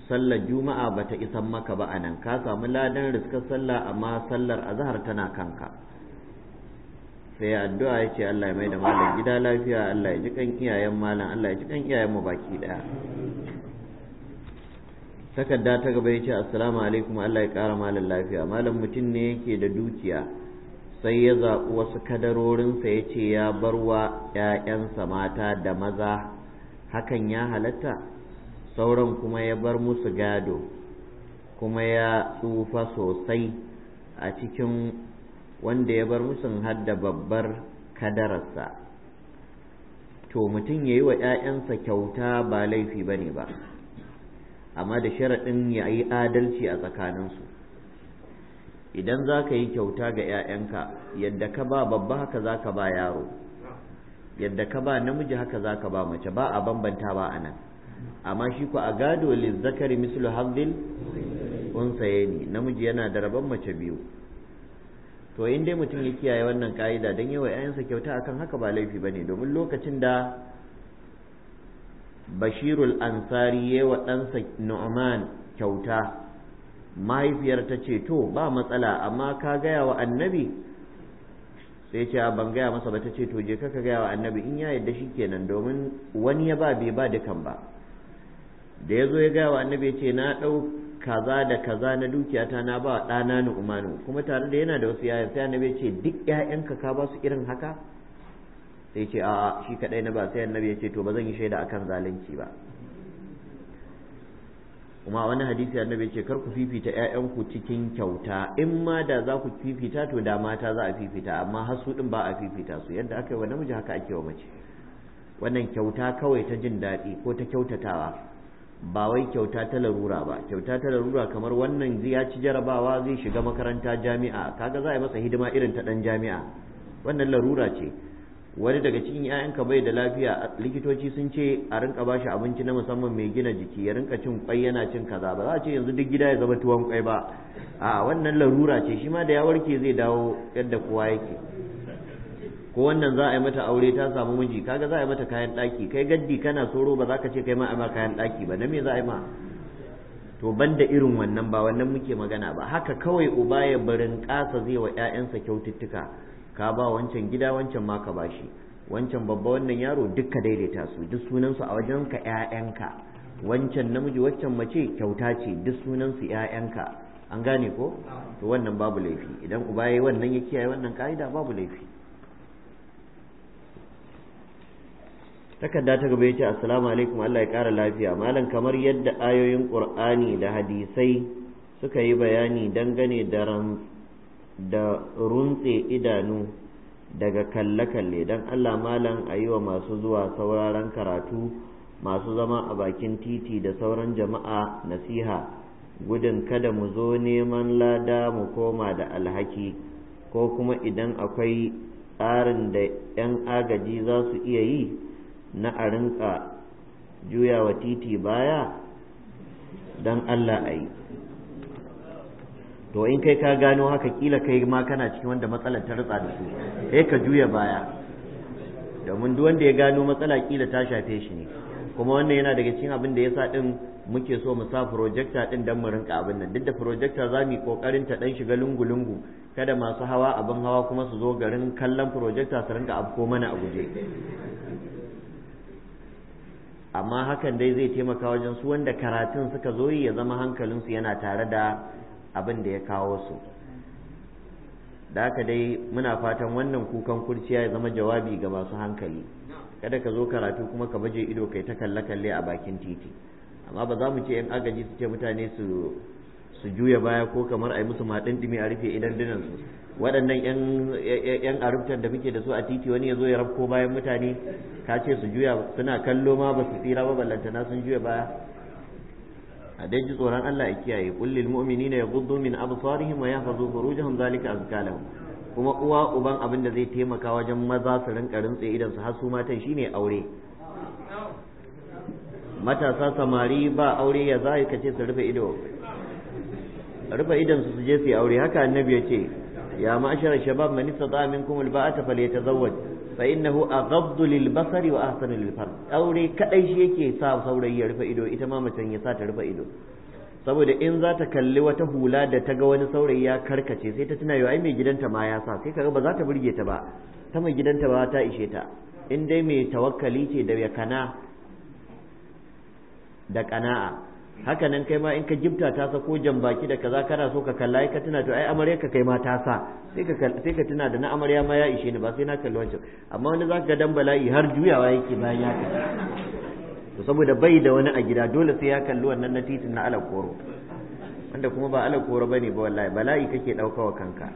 sallar juma'a ba ta isan maka ba anan ka samu ladan riskar sallah amma sallar azhar tana kanka sai addu'a ya ce Allah ya mai da malam gida lafiya Allah ya ji kan iyayen malam Allah ya ji kan iyayen mu baki daya takarda ta gaba ya ce assalamu alaikum Allah ya kara malam lafiya malam mutum ne yake da dukiya sai ya zaɓi wasu kadarorinsa ya ce ya bar wa ‘ya'yansa mata da maza hakan ya halatta sauran kuma ya bar musu gado kuma ya tsufa sosai a cikin wanda ya bar musu hadda babbar kadararsa to mutum ya yi wa ‘ya'yansa kyauta ba laifi bane ba amma da sharaɗin ya yi adalci a tsakaninsu idan za ka yi kyauta ga 'ya'yanka yadda ka ba babba haka za ka ba yaro yadda ka ba namiji haka za ka ba mace ba a ba a nan amma shi ku a gado zakari mislu hadil unsaye ne namiji yana da rabon mace biyu to in dai mutum ya kiyaye wannan ka'ida don yawa 'ya'yansa kyauta akan haka ba laifi ba ne domin lokacin da bashirul ansari ya wa ɗansa nu'man kyauta mahaifiyar ta ce to ba matsala amma ka gaya wa annabi sai ce ban gaya masa ba ta ce to je ka ka gaya wa annabi in ya yadda shi kenan domin wani ya ba bai ba dukan ba da ya zo ya gaya wa annabi ya ce na ɗau kaza da kaza na dukiyata na ba ɗana ni umanu kuma tare da yana da wasu yaya sai annabi ya ce duk ƴaƴanka ka ba su irin haka sai ce a'a shi kadai na ba sai annabi ya ce to ba zan yi shaida akan zalunci ba kuma wani hadisi annabi ya ce kar ku fifita ƴaƴanku cikin kyauta in ma da za ku fifita to da mata za a fifita amma hasu din ba a fifita su yadda aka yi wa namiji haka ake wa mace wannan kyauta kawai ta jin daɗi ko ta kyautatawa ba wai kyauta ta larura ba kyauta ta larura kamar wannan ya ci jarabawa zai shiga makaranta jami'a kaga za a yi masa hidima irin ta ɗan jami'a wannan larura ce wani daga cikin 'ya'yanka bai da lafiya likitoci sun ce a rinka bashi abinci na musamman mai gina jiki ya rinka cin kwai yana cin kaza ba za a ce yanzu duk gida ya zama tuwon kwai ba a wannan larura ce shi ma da ya warke zai dawo yadda kowa yake ko wannan za a yi mata aure ta samu miji kaga za a yi mata kayan ɗaki kai gaddi kana soro ba za ka ce kai ma a ma kayan ɗaki ba na me za a yi ma to ban da irin wannan ba wannan muke magana ba haka kawai uba ya barin ƙasa zai wa 'ya'yansa kyaututtuka ka ba wancan gida wancan ma ka bashi wancan babba wannan yaro duka daidaita su duk sunan su a wajen ka ƴaƴanka wancan namiji waccan mace kyauta ce duk sunan su ƴaƴanka an gane ko to wannan babu laifi idan uba yayi wannan ya kiyaye wannan ka'ida babu laifi takarda ta gaba ya ce assalamu alaikum Allah ya kara lafiya malam kamar yadda ayoyin qur'ani da hadisai suka yi bayani dangane da da runtse idanu daga kalle-kalle don Allah malam a yi wa masu zuwa sauraron karatu masu zama a bakin titi da sauran jama'a nasiha gudun kada mu zo neman lada mu koma da alhaki ko kuma idan akwai tsarin da 'yan agaji za su iya yi na a rinka juyawa titi baya don Allah a yi to in kai ka gano haka kila kai ma kana cikin wanda matsalar ta rutsa da su kai ka juya baya domin duk wanda ya gano matsala kila ta shafe shi ne kuma wannan yana daga cikin abin da yasa din muke so mu sa projector din dan mu rinka abin nan duk da projector za mu yi kokarin ta dan shiga lungu lungu kada masu hawa abin hawa kuma su zo garin kallon projector su rinka afko mana a guje amma hakan dai zai taimaka wajen su wanda karatun suka zo yi ya zama hankalinsu yana tare da abin da ya kawo su da haka dai muna fatan wannan kukan kurciya ya zama jawabi ga masu hankali kada ka zo karatu kuma ka baje ido kai ta kalle kalle a bakin titi amma ba za mu ce yan agaji su ce mutane su su juya baya ko kamar a musu maɗin ɗumi a rufe idan dinan su waɗannan yan arubtar da muke da su a titi wani ya zo ya rabko bayan mutane ka ce su juya suna kallo ma ba su tsira ba ballantana sun juya baya a dai ji tsoron Allah a kiyaye kullil mu'minina yaghuddu min absarihim wa yahfazu furujahum zalika azka lahum kuma uwa uban abin da zai taimaka wajen maza su rinka rintse idan su har su matan shine aure matasa samari ba aure ya zai kace su rufe ido rufe idan su je su aure haka annabi ya ce ya ma'ashara shabab man istata minkum ta falyatazawwaj fa innahu aghaddu lil basari wa ahsanu lil fard aure kadai shi yake sa saurayi ya rufe ido ita ma mace ya sa ta rufe ido saboda in za ta kalli wata hula da ta ga wani saurayi ya karkace sai ta tuna ai mai gidanta ma ya sa sai kaga ba za ta burge ta ba ta mai gidanta ba ta ishe ta in dai mai tawakkali ce da yakana da kana'a haka nan kai ma in ka gifta ta sa ko baki da kaza kana so ka kalla ka tuna to ai amarya ka kai ma ta sa sai ka sai ka tuna da na amarya ma ya ishe ni ba sai na kalli wancan amma wani zaka ga dan bala'i har juyawa yake bayan ya to saboda bai da wani a gida dole sai ya kalli wannan na titin na alakoro wanda kuma ba alakoro bane ba wallahi bala'i kake dauka wa kanka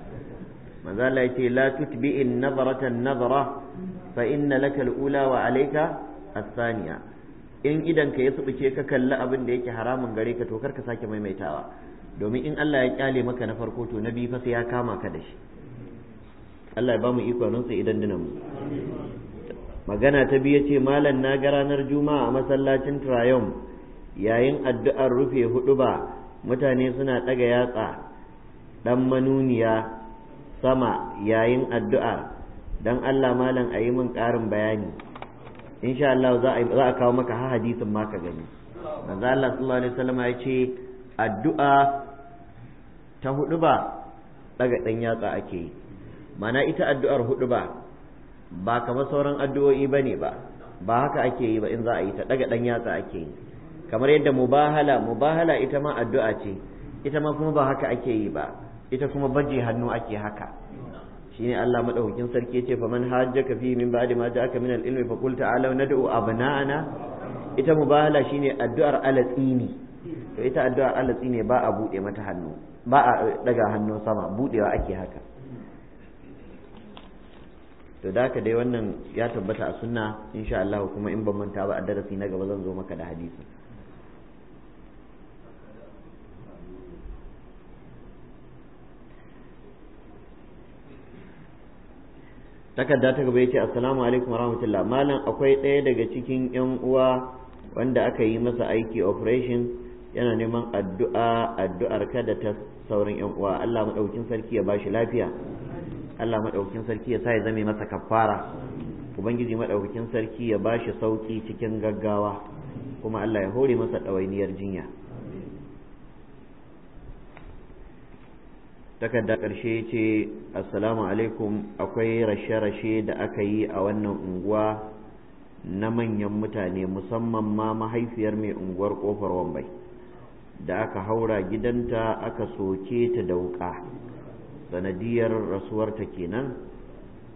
manzo Allah yace la tutbi'in nazaratan nazara fa inna laka al-ula wa alayka saniya. in idan ka ya tsubuce ka kalli abin da yake haramun gare ka to karka sake maimaitawa domin in Allah ya kyale maka na farko to na biyu fa sai ya kama ka da shi Allah ya ba mu ikonunsa idan dinan mu magana ta biyu ce malam na ga ranar juma'a a masallacin triumph yayin addu'ar rufe hudu ba mutane suna ɗaga yatsa ɗan manuniya sama yayin addu'a dan Allah malam ayi mun min ƙarin bayani insha Allah za a kawo maka ha hadisin ma ka gani manzo Allah sallallahu alaihi wasallam ya ce addu'a ta hudu ba daga dan yatsa ake yi mana ita addu'ar hudu ba ba kamar sauran addu'o'i bane ba ba haka ake yi ba in za a yi ta daga dan yatsa ake yi kamar yadda mubahala mubahala ita ma addu'a ce ita ma kuma ba haka ake yi ba ita kuma baje hannu ake haka shine Allah madaukakin sarki yace faman hajjaka fi min ba'di ma ja'aka min al-ilmi fa qul ta'ala nad'u abna'ana ita mubahala shine addu'ar alatsini to ita addu'ar alatsini ba a bude mata hannu ba a daga hannun sama budewa ake haka to da haka dai wannan ya tabbata a sunna insha Allah kuma in ban manta ba a darasi na gaba zan zo maka da hadisi takarda ta gaba yace assalamu alaikum warahmatullah malam akwai ɗaya daga cikin yan uwa wanda aka yi masa aiki operation yana neman addu'a addu'ar ka ta sauran yan uwa Allah madaukin sarki ya bashi lafiya Allah madaukin sarki ya sa zame masa kafara ubangiji madaukin sarki ya bashi sauki cikin gaggawa kuma Allah ya hore masa ɗawainiyar jinya takarda ƙarshe ce assalamu alaikum akwai rashe-rashe da aka yi a wannan unguwa na manyan mutane musamman ma mahaifiyar mai unguwar kofar wambai da aka haura gidanta aka soke ta da wuka sanadiyar ta kenan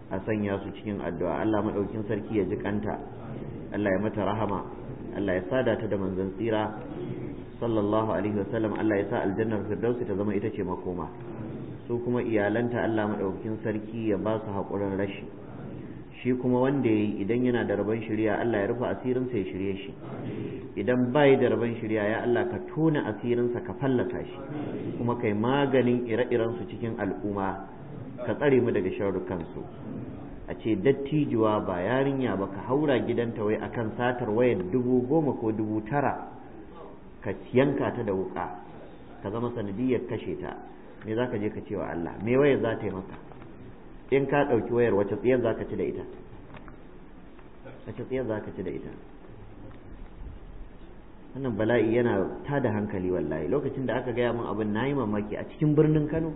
a sanya su cikin addu'a Allah maɗaukin sarki ya ji kanta Allah ya mata rahama Allah ya sada ta da manzon tsira sallallahu alaihi wasallam Allah ya sa aljannar firdausi ta zama ita ce makoma su kuma iyalanta Allah maɗaukakin sarki ya ba su haƙurin rashi shi kuma wanda ya yi idan yana da rabon shirya Allah ya rufe asirinsa ya shirye shi idan bai da rabon shirya ya Allah ka tona asirinsa ka fallaka shi kuma kai maganin ire iren su cikin al'umma ka tsare mu daga kansu. a ce dattijuwa ba yarinya ba ka haura gidanta wai akan satar wayar dubu goma ko dubu tara ka yanka ta da wuka ka zama sanadiyar kashe ta me za ka je ka cewa Allah me wayar za ta yi maka in ka ɗauki wayar wace tsiyar za ka ci da ita wace tsiyar za ka ci da ita wannan bala'i yana ta da hankali wallahi lokacin da aka gaya mun abin na yi mamaki a cikin birnin kano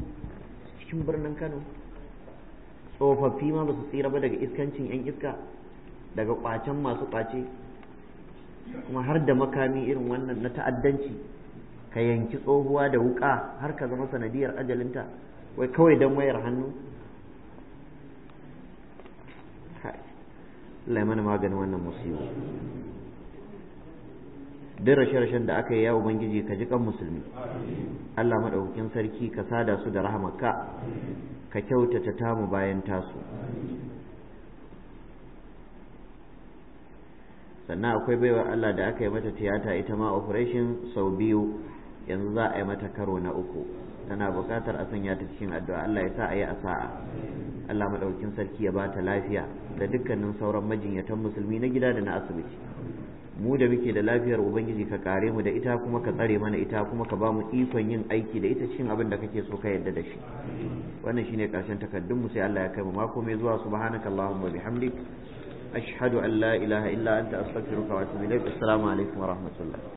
cikin birnin kano tsofaffi ma ba su tsira ba daga iskancin 'yan iska daga kwacen masu kwace kuma har da makami irin wannan na ta'addanci ka yanki tsohuwa da wuka har ka zama sanadiyar ajalinta wai kawai don wayar hannu Allah maganin wannan musulmi duk rashe-rashen da aka yi ya ubangiji ka ji kan musulmi Allah maɗaukakin sarki ka sada su da rahamaka ka kyautata tamu bayan tasu sannan akwai baiwa Allah da aka yi mata tiyata ita ma operation sau biyu yanzu za a yi mata karo na uku tana buƙatar a sanya ta cikin addu'a Allah ya sa a yi a sa'a Allah maɗaukin sarki ya bata lafiya da dukkanin sauran majinyatan musulmi na gida da na asibiti mu da muke da lafiyar ubangiji ka kare mu da ita kuma ka tsare mana ita kuma ka ba mu ikon yin aiki da ita cikin abin da kake so ka yarda da shi wannan shine karshen takaddun mu sai Allah ya kai mu mako mai zuwa subhanaka allahumma bihamdik ashhadu an la ilaha illa anta astaghfiruka wa atubu ilaik assalamu alaikum wa rahmatullah